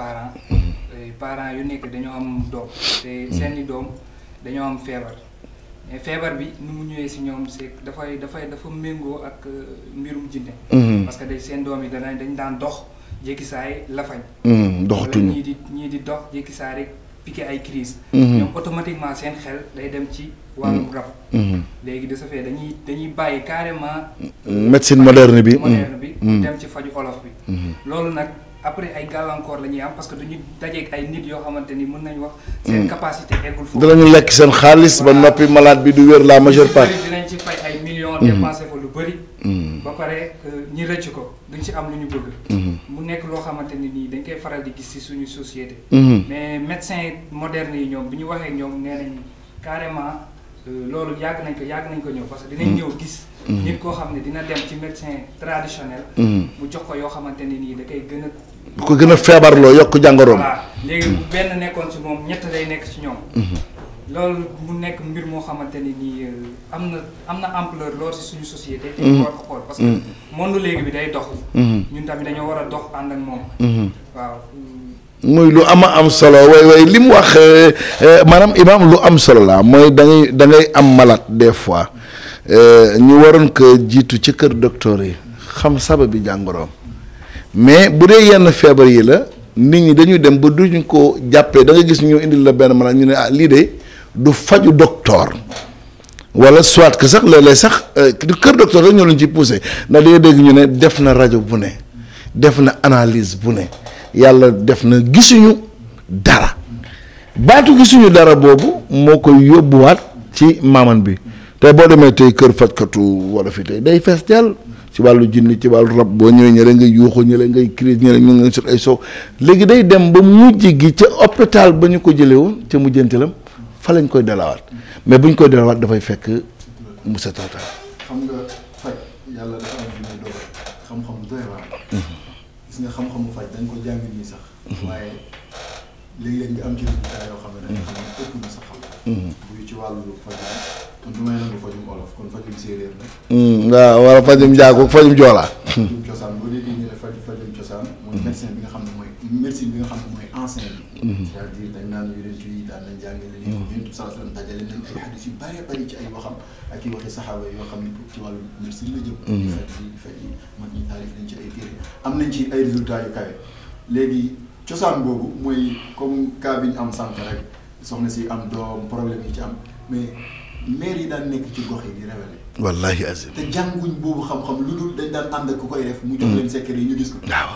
parents mm-hmm. euh, parents yu nekk dañoo am doom te mm-hmm. seeni doom dañoo am feebar feebar bi nu mu ñëwee si ñoom c'est dafay dafay dafa méngoo ak euh, mbirum jinne mm-hmm. parce que day seen doom yi danañ dañ daan dox jékki saay lafañ doxatuñu ñii di ñii di dox jékki saay rek piqué ay crise ñoom automatiquement seen xel day dem ci wàllum rab léegi de ce dañuy dañuy bàyyi carrément euh, médecine moderne bi moderne bi dem ci faju olof bi loolu nag après ay gàllankoor la ñuy am parce que dañu dajeeg ay nit yoo xamante ni mën nañu wax. Hmm. seen capacité eggul foofu. dinañu lekk seen xaalis ba noppi malaat bi du wér la major partie. dinañ ci ay millions. Hmm. dépensé ko lu bëri. Hmm. ba pare euh, ñi rëcc ko duñ ci am lu ñu bëgg. mu nekk loo xamante ni nii dañ koy faral di gis ci suñu société. mais médecins modernes yi ñoom bi ñu waxee ñoom nee nañ carrément euh, loolu yàgg nañ ko yàgg nañ ko ñëw parce que dinañ ñëw gis. nit koo xam ne dina dem ci médecin traditionnel. mu jox ko yoo xamante ni nii da koy gën bu ko gën a feebarloo yokk jàngoroom. léegi bu benn nekkoon ci moom ñett day nekk ci ñoom. Mm-hmm. loolu mu nekk mbir moo xamante ni nii euh, am na am na ampleur lool ci suñu société. Mm-hmm. te ñu war ko xool parce que mm-hmm. monde léegi bi day dox. ñun tamit dañoo war a dox ànd ak moom. waaw. muy lu ama am solo way way li mu wax euh, euh, maanaam imaam lu am solo la mooy da ngay am malaat des fois ñu waroon ko jiitu ci kër docteur yi xam sababi jàngoroom. mais bu dee yenn feebar yi la nit ñi dañuy dem ba duñu ko jàppee da nga gis ñu indil la benn malade ñu ne ah lii de du faju docteur wala soit que sax léeg sax euh, kër docteur rek ñoo leen ci poussé ndax da nga dégg ñu ne def na rajo bu ne def na analise bu ne yàlla def na gisuñu dara baatu gisuñu dara boobu moo koy yóbbuwaat ci maaman bi te boo demee tey kër fajkatu wala fi tey day fees jàll ci wàllu jinni ci wàllu rab boo ñëwee ñële ngay yuuxu ñële ngay crise ñële ñu ngi sut ay soow léegi day dem ba mujj gi ca hôpital ba ñu ko jëlee woon ca mujjanteelam fa lañ koy dalawaat mais buñ koy dalawaat dafay fekk mu xam nga faj gis nga xam-xamu dañ ko jàng nii sax. Mhm. waaye am ci résultat yoo sa xam. Mhm. waaw wala fajum jaago fajum joolaa. fajum cosaan boo dee dégg fajum cosaan. mooy médecin bi nga xam ne mooy médecine bi nga xam ne mooy ancien bi. c'est-à-dire dañ naan yonent yi daan nañ jàng leen. yonent bi sallallahu alayhi wa sallam dajale nañ ay xadis yu bëree bëri ci ay waxam ak i waxi saxaaba yoo xam ne ci wàllu médecine la jëm. di faj di faj yi mag ñi taarif nañ ci ay téere am nañ ci ay résultats yu kawe léegi cosaan boobu mooy comme cas bi ñu am sànq rek soxna si am doom problème yi ci am mais. maire yi daan nekk te jànguñ boobu xam-xam lu dul dañ daan ànd ku koy def. mu jox mm. leen secret ñu gis ko. waaw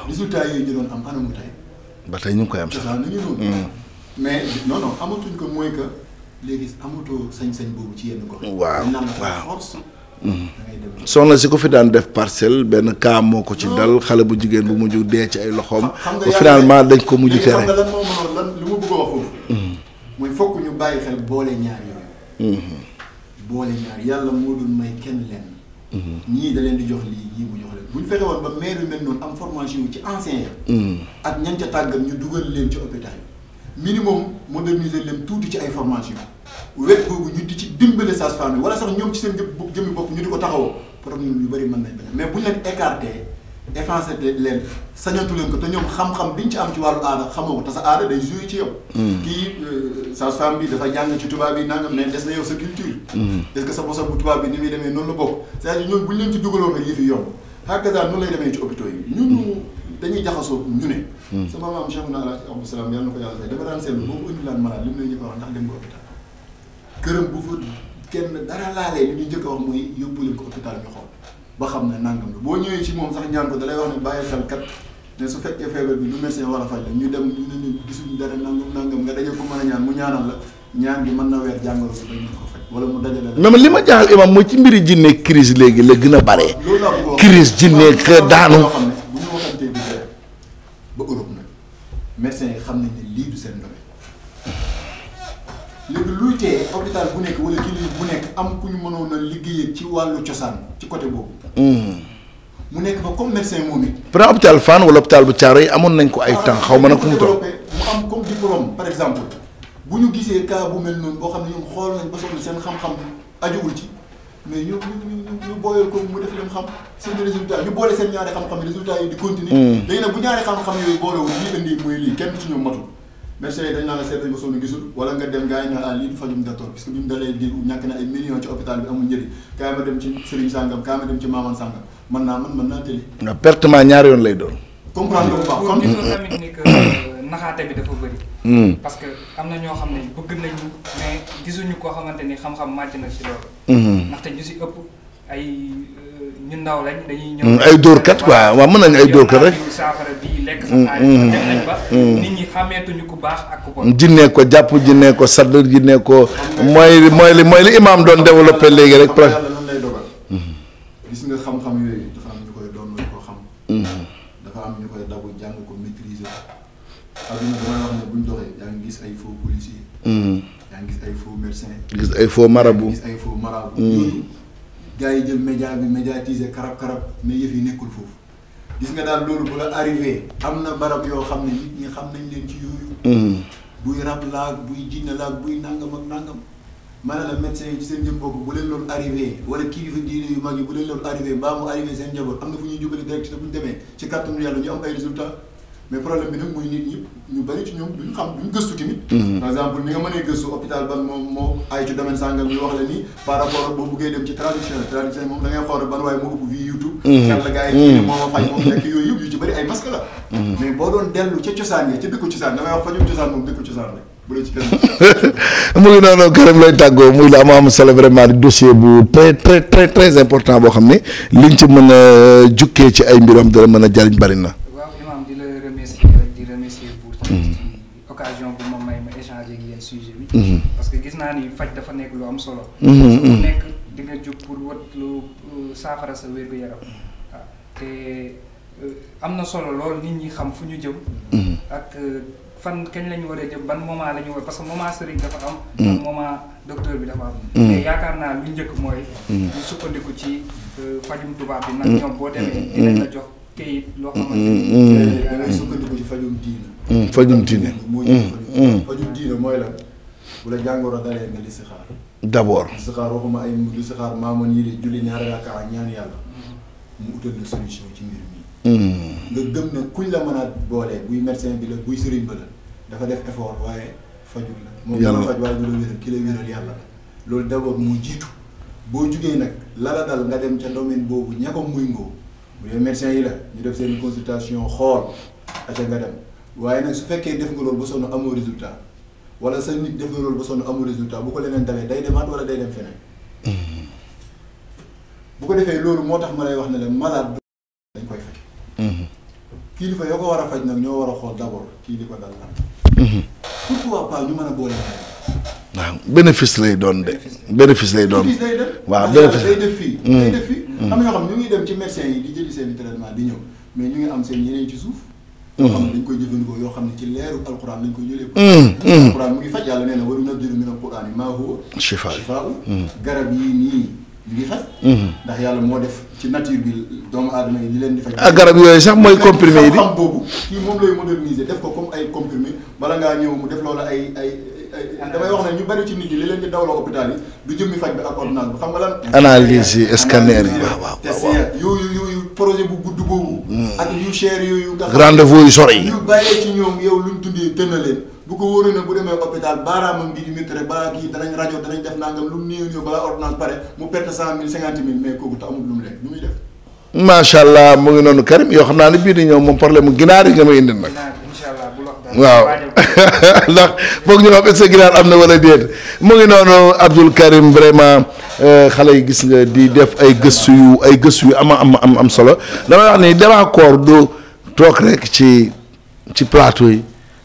ba tey ñu ngi koy am sax ñu ngi mm. mais léegi amatoo sañ-sañ boobu ci yenn gox yi. Mm. soxna si ko fi daan def parcel benn cas ko ci dal xale bu jigéen bu mujj dee ci ay loxoom. ba finalement dañ ko mujj tere. lan ñu bàyyi boole boole ñaar yàlla moo doon may kenn lenn. Mhm. ñii da leen di jox lii ñii mu jox leen bu ñu fexe woon ba maire yu mel noonu am formation yu ci ancien ya mhm. ak ñan ca tàggam ñu dugal leen ci hôpital yi minimum moderniser leen tuuti ci ay formation wet googu ñu di ci dimbale sage-femme yi wala sax ñoom ci seen jëm jëmmi bopp ñu di ko taxawoo problème yu bëri mën nañ bañ mais bu ñu leen écarté effacé leen sañatu leen ko te ñoom xam-xam bi ñu ci am ci wàllu aada xamoo ko te sa aada day joué ci yow. Hmm. kii euh, sa femme dafa jàng ci tubaab yi nangam mais des na yow sa culture. Hmm. est-ce sa bosam bu tubaab bi ni muy demee noonu la bokk c'est-à-dire ñoom bu ñu leen ci dugaloon rek yëf yi yomb xàkkasaar noonu lay demee ci hôpitaux yi. ñun hmm. dañuy jaxasoo ñu ne. sama maam Cheikh Mouna Alaaji Abdou Salaam yàlla na ko yàlla fay dafa daan seetlu boo ko indilaan malade li mu kenn dara laalee ñu njëkk a wax mooy yóbbu leen ko ba xam ne nangam la boo ñëwee ci moom sax ñaan ko dalay wax ne bàyyi xel kat ne su fekkee feebar bi lu médecin war a faj la ñu dem ñu ne ñu gisuñu dara nangam nangam nga daje ko mën a ñaan mu ñaanal la ñaan gi man na weer jàngoro si dañ ko faj wala mu dajalee la. ma li ma jaaxal imam mooy ci mbiri jinne crise léegi la gën a bare. crise jinne daanu luy tee hôpital bu nekk wala clinique bu nekk am ku ñu mënoon na liggéeyee ci wàllu cosaan ci côté boobu. mu nekk ba comme médecin momi it. hôpital fan wala hôpital bu tiaré amoon nañ ko ay tan xaw ma nag mu toll. mu am comme diplôme par exemple bu ñu gisee ka bu mel noonu boo xam ne xol xool nañ ba soxla seen xam-xam ajuwul ci mais ñu ñu ñu booyal ko mu def lim xam seen résultat ñu boole seen ñaari xam-xam résultat yi di continuer. dañ na bu ñaari xam-xam yooyu wu li indi mooy lii kenn ci ñoom matul. médecins yi dañ naan la seet nañ ko sonn gisul wala nga dem gars yi naan ah lii du fajum docteur parce que bi mu dalee di ñàkk na ay millions ci hôpital bi amul njëriñ kaay ma dem ci Serigne Sangam kaay ma dem ci Maman Sangam mën naa mën mën naa tëli. non pertement ñaari yoon lay doon. Euh, hmm. parce que am na ñoo xam ne bëgg nañu mais gisuñu ko xamante ni xam-xam màcc na ci loolu. Hmm. ndaxte ñu si ëpp ay euh, ñu ndaw lañ. dañuy ñëw hmm, ay dóorkat quoi waaw mën nañu ay dóorkat rek. lekk sa mm, mm, mm. baax ak ku bon ko jàpp jinnee ko sadd jinnee ko mooy mooy li mooy li imaam doon développé léegi rek projet lay dogal gis nga xam-xam yooyu xam dafa am ñu koy dabu jàng ay faux policier yaa ngi ay faux médecin ay faux marabu gis ay faux marabu jël média bi médiatiser karab karab mais yëf yi nekkul foofu gis nga daal loolu bu la arrivé am na barab yoo xam ne nit ñi xam nañ leen ci yooyu mm-hmm. buy rab laag buy jinne laag buy nangam ak nangam ma ne la médecin yi ci seen jëm bopp bu leen loolu arrivé wala kilifa diine yu mag yi bu leen loolu arrivé mbaa mu arrivé seen njaboot am na fu ñuy jubali direct te bu ñu demee ci kàttanu yàlla ñu am ay résultat mais bi nag mooy nit ñi ñu bëri gëstu tamit. Mm-hmm. par exemple ni nga mënee gëstu hôpital ban ay ci domaine sàngam ñu wax la ni par boo ci tradition tradition moom da ngay xool mm-hmm. mm-hmm. boo doon dellu ca cosaan ya ca dëkku cosaan da ngay wax fajum cosaan moom dëkku cosaan la. mu ngi noonu Karim lay tàggoo muy la am am solo vraiment di dossier bu très très très très important boo xam ne liñ ci mën a euh, jukkee ci ay mbiram dana mën a jariñ bari na. Mm-hmm. parce que gis naa ni faj dafa nekk lu am solo. su mm-hmm. nekk di nga jóg pour wët euh, saafara sa wér mm-hmm. ah, euh, na solo lool nit ñi xam fu ñu jëm. ak euh, fan kañ la ñu war a jëm ban moment la ñu war parce que moment sëriñ dafa am. ak moment docteur bi dafa am. te yaakaar naa lu njëkk mooy. ñu sukkandiku ci fajum tubaab bi nag ñoom boo demee. dinañ la jox kayit loo xamante ni. da ngay fajum diine. fajum diine. fajum diine bu la jàngoro dalee nga listixaar d'abord listixaar waxuma ay listixaar maamoon yi de julli ñaari rakka ñaan yàlla mu utal la solution ci mbir mi hmm. nga gëm ne kuñ la mën a boolee buy médecin bi la buy sëriñ ba la dafa def effort waaye fajul la moom dama faj waaye du la wéral ki la wéral yàlla jiitu boo jugee nag lala dal nga dem ca domaine boobu ña ko muy ngoo bu dee médecin yi la ñu def seen consultation xool aca nga dem waaye nag su fekkee def nga loolu ba sonn amoo résultat wala sa nit def nga loolu ba sonn amul résultat bu ko leneen dalee day demaat wala day dem feneen. Hmm. bu ko defee loolu moo tax ma lay wax ne la malade dañ koy faj. Hmm. fa yoo ko war a faj nag ñoo war a xool d' kii di ko dal lan. Hmm. pourquoi pas ñu mën a boole. waaw bénéfice lay doon de. bénéfice lay doon bénéfice lay doon. waa bénéfice day def fii. day def fii. am na ñoo xam ñu ngi dem ci médecin yi di jëli seen i traitement di ñëw mais ñu ngi am seen ci suuf. yoo mm-hmm. xam ne dañ koy jëfandikoo yoo xam ne ci leeru alquran lañ koy jëlee mm-hmm. mm-hmm. alquran mu ngi faj yàlla nee na waru nabdilu min alquran yi maa huwa shifa shifa garab yi nii ñu yàlla moo def ci nature bi doomu aadama yi li leen di faj ak ah, garab yooyu sax mooy comprimé yi bi xam boobu kii def ko comme ay comprimé bala ngaa ñëw mu def loola ay ay damay wax na ñu bari ci nit ñi li leen di dawloo hôpital yi du jëmmi faj bi ak ordonnance bi xam nga lan. analyse yi scanner yi waaw waaw waaw yooyu yooyu projet bu gudd boobu. Hmm. ak yu cher yooyu. nga xam rendez yu sori yi. ñu bàyyee ci ñoom yow luñ tuddee tënna leen bu ko wóoree ne bu demee hôpital baaraamam bi di métti rek balaa kii danañ rajo danañ def nangam lu mu néew néew balaa ordonnance pare mu perte cent mille cinquante mille mais kooku te amul lu mu lekk def. macha allah yoo xam naa ne bii di moom problème mu ginaar yi nga may waaw ndax foog ñu xam est-ce que ginaar am na wala déet mu ngi noonu Abdoul Karim vraiment euh, xale yi gis nga di def ay gëstu yu ay gëstu yu am am am am solo dama wax ni dama koor toog rek ci ci plateau yi.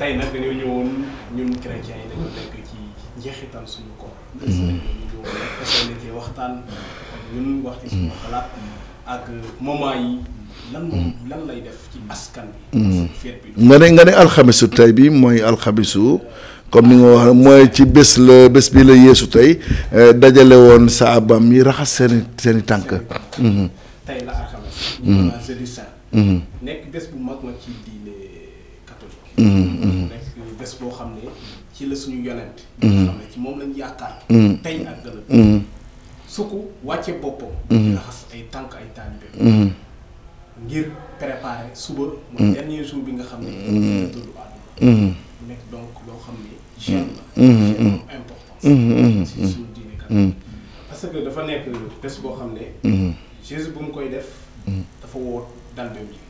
tey nag dañoo ñëwoon ñun chrétien yi dañu nekk ci njeexital suñu koor. Mm-hmm. fekkee ne cee waxtaan ñun wax ci suñu mm-hmm. xalaat ak moment yi lan mm-hmm. lan lay def ci askan bi. nga ne nga ne alxamisu tey bi mooy alxamisu. comme ni nga wax mooy ci bés la bés bi la yeesu tey eh, dajale woon yi raxas seen seen tànk. tey la nekk bés bu mag ci nekk bés boo xam ne ci la suñu yonent bi mm-hmm. nga xam ne ci moom lañ yaakaar mm-hmm. tey ak gëlëb mm-hmm. su ko wàcce boppam raxas ay tànk ay taalibe ngir préparer suba mooy dernier jour bi nga xam ne dund àdduna nekk donc loo xam ne gêne la gêne importance ci suñu diine kat parce que dafa nekk bés boo xam ne Jésus bu mu koy def dafa woo dalbeem yi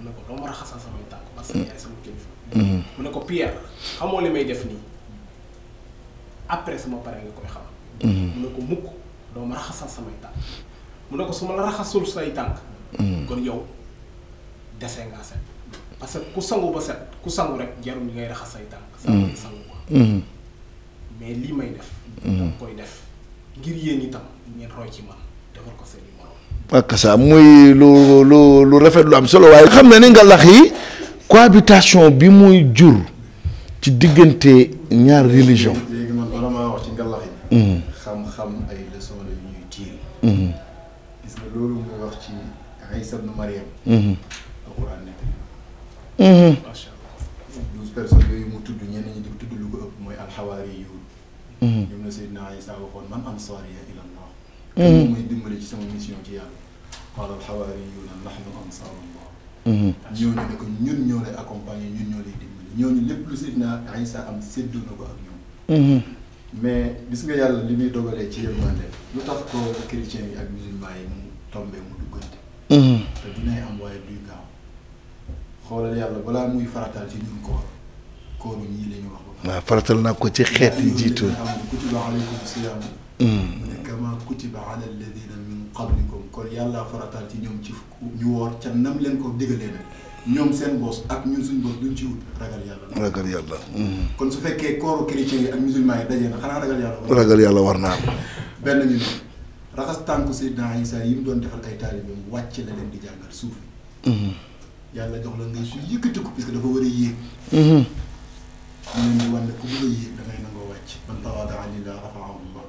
mu ne ko doo ma raxasal samay tànk parce que mm. yaay sama kilifa. Mm-hmm. mu ne ko Pierre xamoo li may def nii après sama pare nga koy xam. Mm-hmm. mu ne ko mukk doo ma raxasal samay tànk mu ne ko su ma la raxasul say tànk. Mm-hmm. kon yow dese ngaa set. parce que ku sangu ba set ku sangu rek jarul ngay raxas say tànk. sangu sangu ko. mais lii may def. dama koy def ngir yéen itam ngeen roy ci man defal ko seen akasa muy lu lu lu rafet lu am solo waaye xam na ni ngalax yi cohabitation bi muy jur ci diggante ñaar religion léegi man bala wax ci ngalax yi xam-xam ay leçon la yu ñuy tiir mhm. gis nga loolu muy wax ci Aïssa ibn Mariam mhm. alxuraan nekk mhm. macha allah douze personnes yooyu mu tuddu ñen ñi di tuddu lu ko ëpp moy mooy alxawaari yu ñoom la Seydina Aïssa waxon man ila Allah hmm muy dimbali ci sama mission ci yàlla qaala alxawaariyuuna nahnu ansaarullah mhm. ñooñu ne ko ñun ñoo lay accompagner ñun ñoo lay dimbali ñooñu lépp lu Seydina Isa am séddoo na ko ak ñoom mhm. mais gis nga yàlla li muy dogalee ci yërmande lu tax ko chrétien yi ak musulman yi mu tombé mu duggante mhm. te dinay am waaye duy gaaw xoolal yàlla balaa muy faratal ci ñun koor kooru ñii la ñu wax ba waaw faratal naa ko ci xeet yi jiitu am kutiba alaykum siyaam mu ne kama kutiba ala alladina qablikum kon yàlla farataal ci ñoom ci ñu woor ca nam leen ko digalee na ñoom seen bos ak ñun suñ bos duñ ci wut ragal yàlla. ragal yàlla. Mm-hmm. kon su fekkee kooru chrétien yi ak musulman yi daje na xanaa ragal yàlla. war naa benn ñu raxas tànku Seydina Isa yi mu doon defal ay taalibeem wàcc la leen di jàngal suuf. Mm-hmm. yàlla jox la ngay su yëkkati ko parce que dafa war a yéeg. ñu mm-hmm. ne ñu wan ne ku bëgg a yéeg dangay nangoo wàcc. man tawaadaa lillaahi rafa'ahu Allah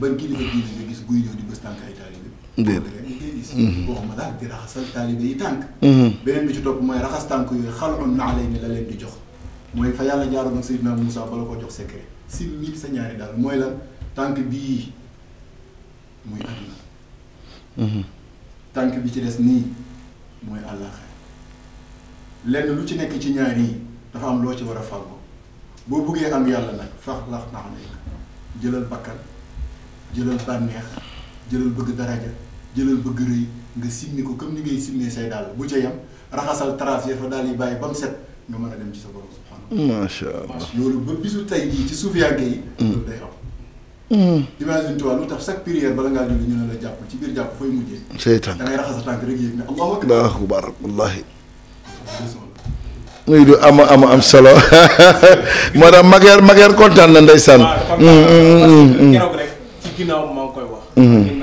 ban kilifa diine nga gis guy ñëw di déedéet dañuy gis. waxuma daal di raxasal taalibe yi tànk. beneen bi ci topp mooy mhm. raxas tànk yooyu xaloon na alay ni la leen di jox mooy mhm. fa yàlla jaaroon ak Seydina Moussa mhm. bala bi ci des nii mooy àllaaxira lenn lu ci nekk ci ñaar yi dafa jëlal jëlal jëlal bëgg daraja jëlal bëgg rëy nga simmi ko comme ni ngay simmee say daal bu ca yam raxasal trace ya fa daal yi bàyyi ba mu set nga mën a dem ci sa borom subhaanahu macha allah loolu ba bisu tey jii ci suuf yàgg yi mm. loolu am mm. am am solo moo tax Maguette Maguette kontaan na ndeysaan. waaw xam naa mm, keroog rek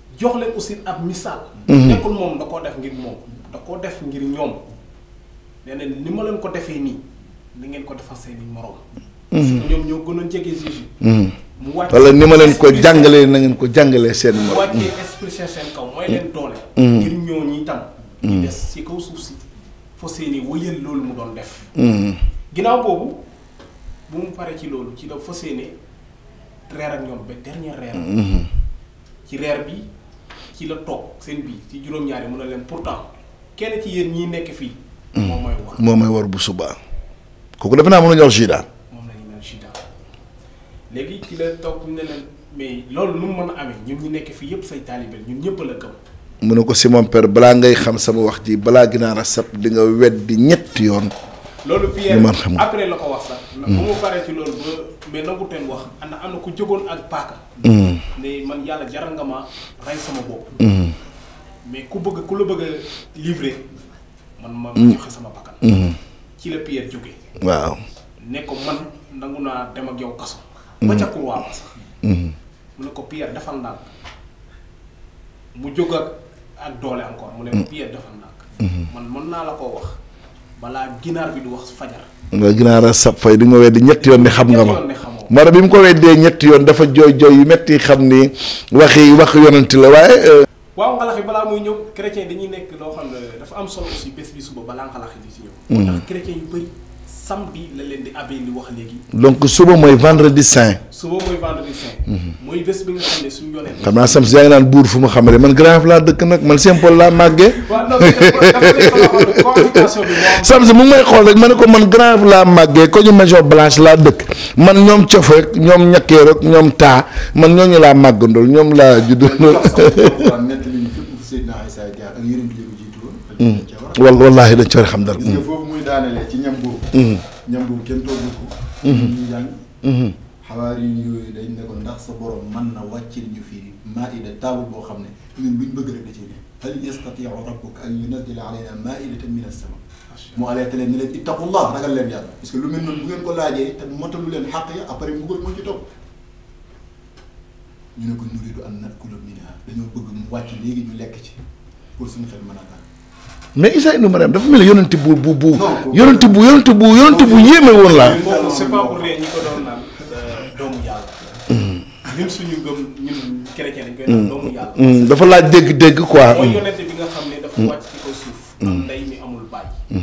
jox leen aussi ab misaal. Mhm. nekkul moom da koo def ngir moom da koo def ngir ñoom nee ni ma leen ko defee nii ni ngeen ko defal seen i morom. Mhm. parce que ñoom ñoo gën a jege Jésus. Mhm. mu wàcc wala ni ma leen ko jàngalee na ngeen ko jàngalee seen morom. mu wàccee expliqué seen kaw mooy leen doole. ngir ñooñu itam. ñu des si kaw suuf si fa seen i loolu mu doon def. ginnaaw boobu bu mu paree ci loolu ci la fa seen reer ak ñoom ba dernier reer. ci reer bi. ci la toog seen bi ci juróom-ñaari mun na leen pourtant kenn ci yéen ñi nekk fii. Hmm. moom mooy war mooy war bu subaa. kooku defe naa mën nañu wax Jida. moom la léegi ci la toog ñu ne leen mais loolu nu mu mën a amee ñun ñu nekk fii yëpp say taalibe ñun ñëpp la gëm. mu ne ko si mon père balaa ngay xam sama wax ji balaa ginaar a sab di nga di ñetti yoon. loolu Pierre après la ko wax sax. Mm. bu ma paree ci loolu ba mais nangu teen wax ana am na ku jógoon ak paaka. Mm. ne man yàlla jaral nga ma rey sama bopp. Mm. mais ku bëgg ku la bëgg a livrer man ma joxe sama bakkan. ci la Pierre jógee. waaw ne ko man nangu naa dem ak yow kaso. ba ca couloir sax. mu ne ko Pierre defal ndànk mu jóg ak ak doole encore mu ne Pierre defal ndànk. Mm-hmm. man mën naa la koo wax. balaa ginaar bi du wax fajar. nga ginaar a sab fay di nga ñetti yoon ni xam nga ma. moo tax bi mu ko weddee ñetti yoon dafa jooy jooy yu metti xam ni waxi wax yonanti la waaye. Euh, waaw ngalax balaa muy ñëw chrétien dañuy nekk loo xam ne dafa am solo aussi bés bi suba balaa ngalax yi di ci ñëw. Hmm. yu bëri. samedi la leen di abbé li donc suba mooy vendredi saint. suba mooy vendredi xam naa sam si yaa ngi naan buur fu ma xam ne man Grand laa dëkk nag man simple laa màggee. waaw mu may xool rek ma ne ko man Grand laa màggee ko ñu maison blanche laa dëkk man ñoom cof ñoom ñakkee rek ñoom taa man ñooñu laa màggandool ñoom laa judd. wallaahi ñamdu kenn toogu ko ñu jàng xawaari yooyu dañ ne ko ndax sa borom mën na wàccil ñu fii maida taabul boo xam ne ñun buñ bëgg rek da ci ne hal yastatiu rabbuka an yunazila alayna maidatan min as-sama mu alerté leen ni leen ittaqullah ragal leen yàlla parce que lu mel noonu bu ngeen ko laajee te motalu leen xàq ya après mbugal moo ci topp ñu ne ko nuridu an nakula minha dañoo bëgg mu wàcc léegi ñu lekk ci pour suñu xel mën a mais Issa ibn Mariam dafa mel ni bu bu bu yonent bu yonent bu yonent bu yéeme woon laa. Euh, mm-hmm. mm-hmm. mm-hmm. dafa laaj dégg-dégg quoi. bi nga xam ne dafa wàcc ci kaw suuf. am ndey mi amul bàyyi.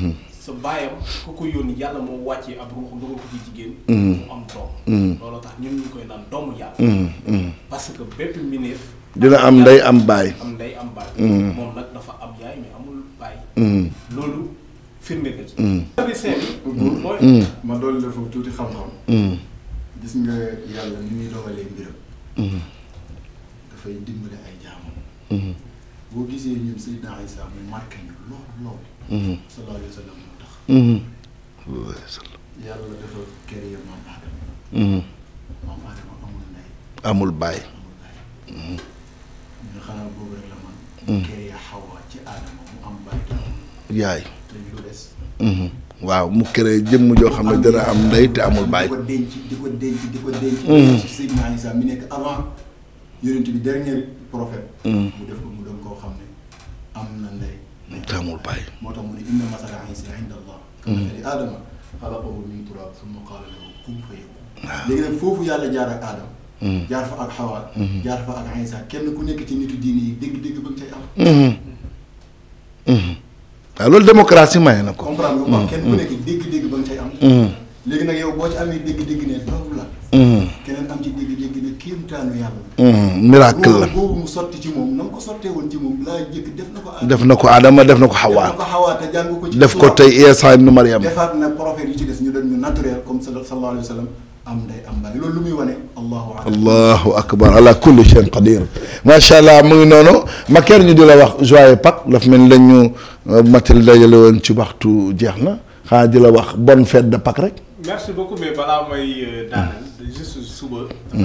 sa parce que bépp dina am ndey am baay. loolu firnde ko ci. Mm. Mm. Mm. ma dolli la foofu tuuti xam-xam. gis nga yàlla ni muy dogalee mbiram. dafay dimbale ay jaamam. boo gisee ñun Seydina Isa mu marqué ñu lool lool. amul ndey. ci yaay waaw mu créé jëmm joo xam ne dana am ndey te amul bàyyi. di ko denc di ko denc di ko denc. Seydina Isa mi nekk avant yonent bi dernier prophète. mu def ko mu doon koo xam ne am na ndey. te amul bàyyi. moo tax mu ne inna masala Isa inda Allah. kamasali Adama xalaqahu min turab summa qaala lahu kun fayakun. léegi nag foofu yàlla jaar ak Adama. jaar fa ak Xawa. jaar fa ak Isa kenn ku nekk ci nitu diini yi dégg-dégg ba nga cay am. waaw loolu démocratie maye na ko. comprendre nga mm. kenn ku nekk dégg-dégg ba mm. nag yow boo ci amee dégg-dégg ne doomu la. Mm. keneen am ci dégg-dégg ne kéemtaanu boobu mu sotti ci moom na ko sottee woon ci moom laa jëkk def na ko. def na ko Adama def na ko Hawa. def na ko def ko tey Isa ibnu Maryam. des ñu doon ñu naturel comme sallallahu alayhi wa الله اكبر على كل شيء قدير ما شاء الله مي نونو ما كان ني ديلا واخ جوي باك آه، لا فمن لا نيو ماتيل دايال وون سي وقتو جيخنا خا ديلا واخ بون فيت دا باك رك ميرسي ماي دانال جيست سوبا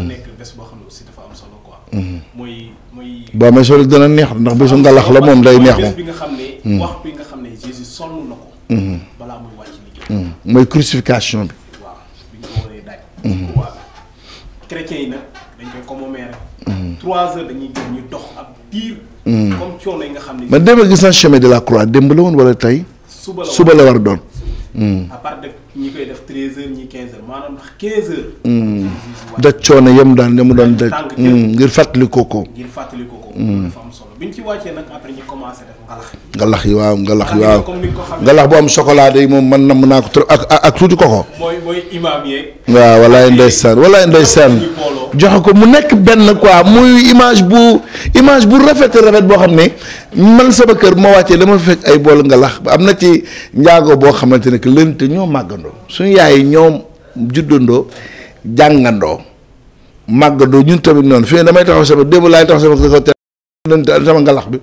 نيك بس بو خامل سي دافا ام سولو كوا موي موي با ما شول دانا نيه ناخ بيسو ندال اخ لا موم داي نيه نكو بالا موي واتي ني جيو موي كروسيفيكاسيون waaw mm-hmm. chrétiens yi nag dañ koy commémorer. Mm-hmm. trois heures dañuy mm-hmm. xam ne. man démb gis naa chemin de la croix démb la woon wala tey. suba la suba la war doon. à koy def treize heures ñi quinze heures maanaam ndax daj coono yam daan ne mu doon daj. ngir fàttali ko ko. ngir fàttali ko biñ ci wàccee nag après ñu commencé def ngalax ngalax yi waaw ngalax yi waaw ngalax bu am chocolat day moom man nam naa ko ak ak tuuti koko imam mu quoi muy image bu image bu rafet rafet boo xam ne man sama kër ma wàccee dama fekk ay bool ngalax am na ci njaago boo xamante ne que lënt ñoo màggandoo suñu yaay ñoom juddandoo jàngandoo màggandoo ñun tamit fi damay taxaw sama taxaw sama leen sama ngalax bi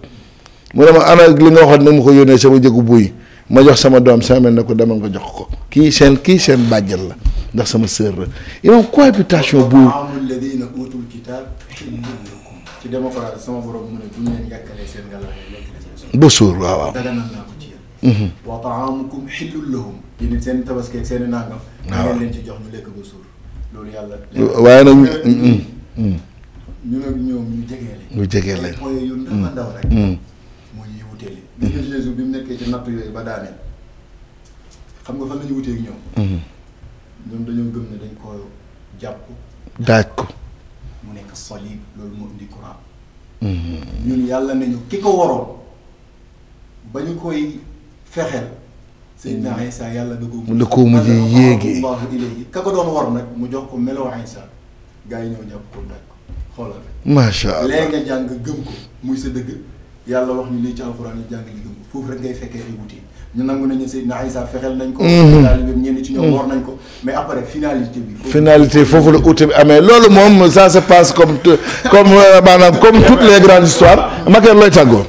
mu ne ma ana li nga waxoon na mu ko yónnee sama jëgu buy ma jox sama doom sama mel ne ko demal nga jox ko kii seen kii seen bàjjal la ndax sama sœur la imam cohabitation bu ba suur waaw waaw wa taamukum xillul lahum yéen seen tabaski ak seen nangam ngeen leen ci jox ñu lekk ba suur loolu yàlla waaye nag mm-hmm. ñun ak ñoom ñu jegee ñu jegee leen mooy yu ndaw mm. ndaw rek. Mm. moo ñuy mm. bi mu nekkee ci natt yooyu nga fan la ñu wutee ak mm-hmm. dañoo gëm ne dañ ko jàpp. daaj mu nekk solide loolu moo indi courant. Mm-hmm. ñun yàlla nañu ki ko waroon ba ñu koy fexeel. Seydina Aïssa mm-hmm. yàlla da koo. da koo mujj yéegi ka ko doon war nag mu jox ko meloo Aïssa gars yi ñëw xoolal macha allah léegi nga jàng gëm ko muy sa dëgg yàlla wax ñu lii ci alxuraan yi jàng ñu gëm ko foofu rek ngay fekkee ay wuti ñu nangu nañu Seydina Isa fexeel nañ ko. taalibeem mhm. ñenn mhm. nañ ko mais après finalité bi. finalité foofu la uti bi amee loolu moom ça se passe comme comme euh, maanaam comme toutes les grandes histoires Maguette looy tàggoo.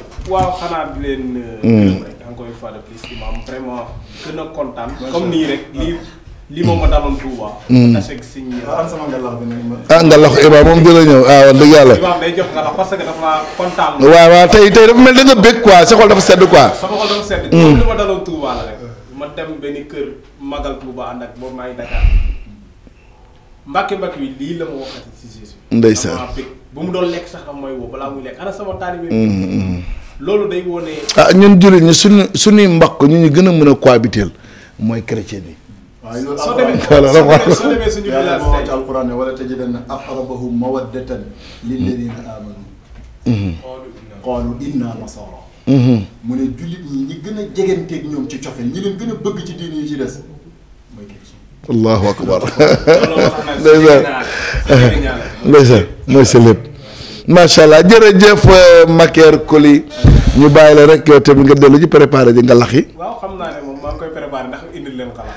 limo ma dalon touba tassek signé an ah ngalax iba mom dina ñew ah wax deug yalla iba day jox ngalax parce que dafa contant wa wa tay tay dafa quoi sa xol dafa sedd quoi xol dafa sedd lima dalon touba la rek ma dem magal touba and ak bo may dakar mbacke mbacke li la ma waxati ci jésus ndeysan bu mu doon lek sax dama moy wo bala muy lek ana sama lolu day woné ah ñun julit ñu suñu suñu mbakk ñu ñu gëna mëna cohabiter moy chrétien soo demee soo demee suñu village tey alquran ne wala tajidanna aqrabahum mawaddatan lilladina amanu mm-hmm. qaalu inna nasara mm-hmm. mu ne jullit ñi ñi gën a jeganteeg ñoom ci cofeel ñi leen gën a bëgg ci diine yi ci des mooy chrétien allahu akbar ndeysaan ndeysaan mooy sa lépp macha allah jërëjëf euh, Maker Coly ñu bàyyi la rek yow tamit nga dellu ci préparé ji nga laxi waaw xam naa ne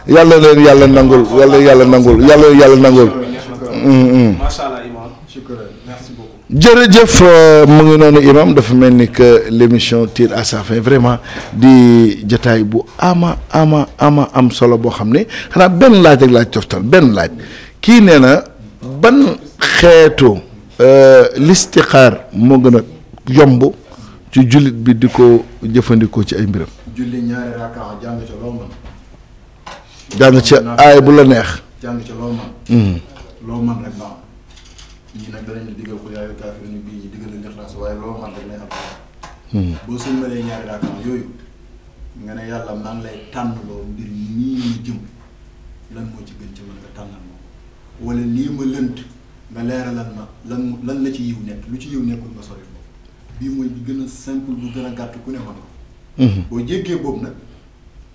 yàlla leen yàlla nangul yàlla yàlla nangul yàlla yàlla nangul. Mm, mm. macha allah euh, mu ngi noonu imam dafa mel ni que l' émission tire à sa fin vraiment di jataay bu ama ama am solo boo xam ne xanaa benn laaj ak laaj toftal benn laaj kii nee na ban xeetu euh, listixaar moo gën a yomb ci jullit bi di ko jëfandikoo ci ay mbiram. julli jàng ca aay bu la neex. jàng ca loo man hmm. loo man rek baax ñii nag danañ digal ko yaayu kaafir ni bii ñu digal la nixlaas waaye loo man rek lay hmm. boo sëñ ma lee ñaari yooyu nga ne yàlla maa ngi lay tànnaloo mbir nii ñu jëm lan moo ci gën ci mën nga tànnal ma ko lii ma lënt nga leeralal ma lan lan la ci yiw nekk lu ci yiw nekkul nga sori ko bii mooy bi gën a simple bu gën a gàtt ku ne man ko. Hmm. boo jéggee boobu nag.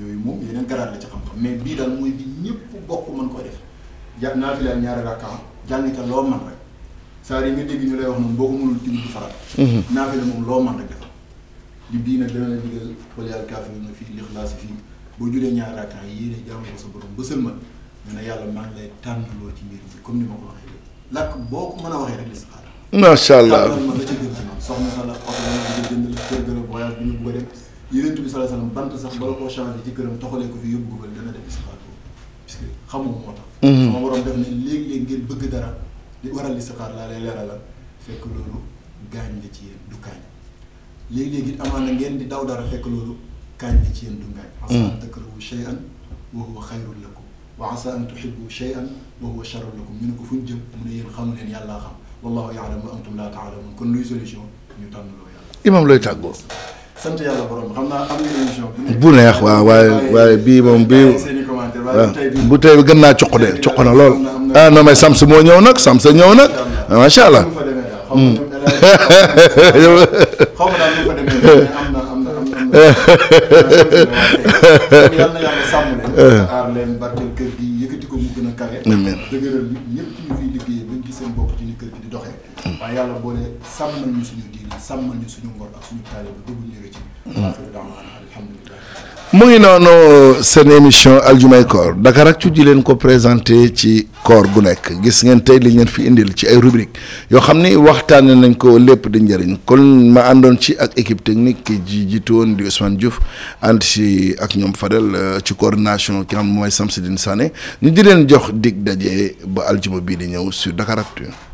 yooyu moom yeneen garaat la ci xam-xam mais bii daal mooy bi ñëpp bokk mën ko def ja naa fi laal ñaari rakkaam jàng ca loo man rek saa yi nga dégg ñu lay wax noonu boo ko mënul tibb du farat naa fi la moom loo man rek defal di bii nag dana la digal wala yàlla kaafi nga fii lixlaasi fii boo julee ñaari rakkaam yi yéene jàmm ko sa borom ba sëlmal nga ne yàlla maa ngi lay tànnaloo ci mbir mi comme ni ma ko waxee léegi làkk boo ko mën a waxee rek li saxaar macha allah ma la ca gën ci man soxna sa la oto la nga jënd la kër gën a voyage bi ñu bugg a dem يونت بي صلى الله عليه وسلم بنت صاحب بلا كو شانجي تي كرم تخولي كو في يوب غوفل دا دي استخاره باسكو خمو موتا سما بروم داف ني ليك ليك غير بغ دارا دي ورال الاستخار لا لي ليرال في لولو غاني دي تي دو كان ليك ليك غير امانه غين دي داو دارا فك لولو كان دي تي دو غاني عسى ان تكرهوا شيئا وهو خير لكم وعسى ان تحبوا شيئا وهو شر لكم منو كو فنجم من يين خام لين يالا خام والله يعلم وانتم لا تعلمون كن ريزوليوشن ني تانلو يالا امام لوي تاغور sant bu neex waaw waaye waaye bii moom bii waaw bu tey gën naa coq de coq na lool ah non mais Sams moo ñëw nag Sams ñëw nag macha allah. xaw sàmmal ñu suñu ngor hmm. mu ngi noonu seen émission aljumay koor Dakaractu di leen ko présenté ci koor gu nekk gis ngeen tey li ngeen fi indil ci ay rubrique yoo xam ni waxtaane nañ ko lépp di njëriñ kon ma àndoon ci ak équipe technique ki ji jiitu woon di Ousmane Diouf ànd si ak ñoom fadal euh, ci coordination ki xam mooy Samsidine Sané ñu di leen jox digg daje ba aljuma bii di ñëw sur Dakaractu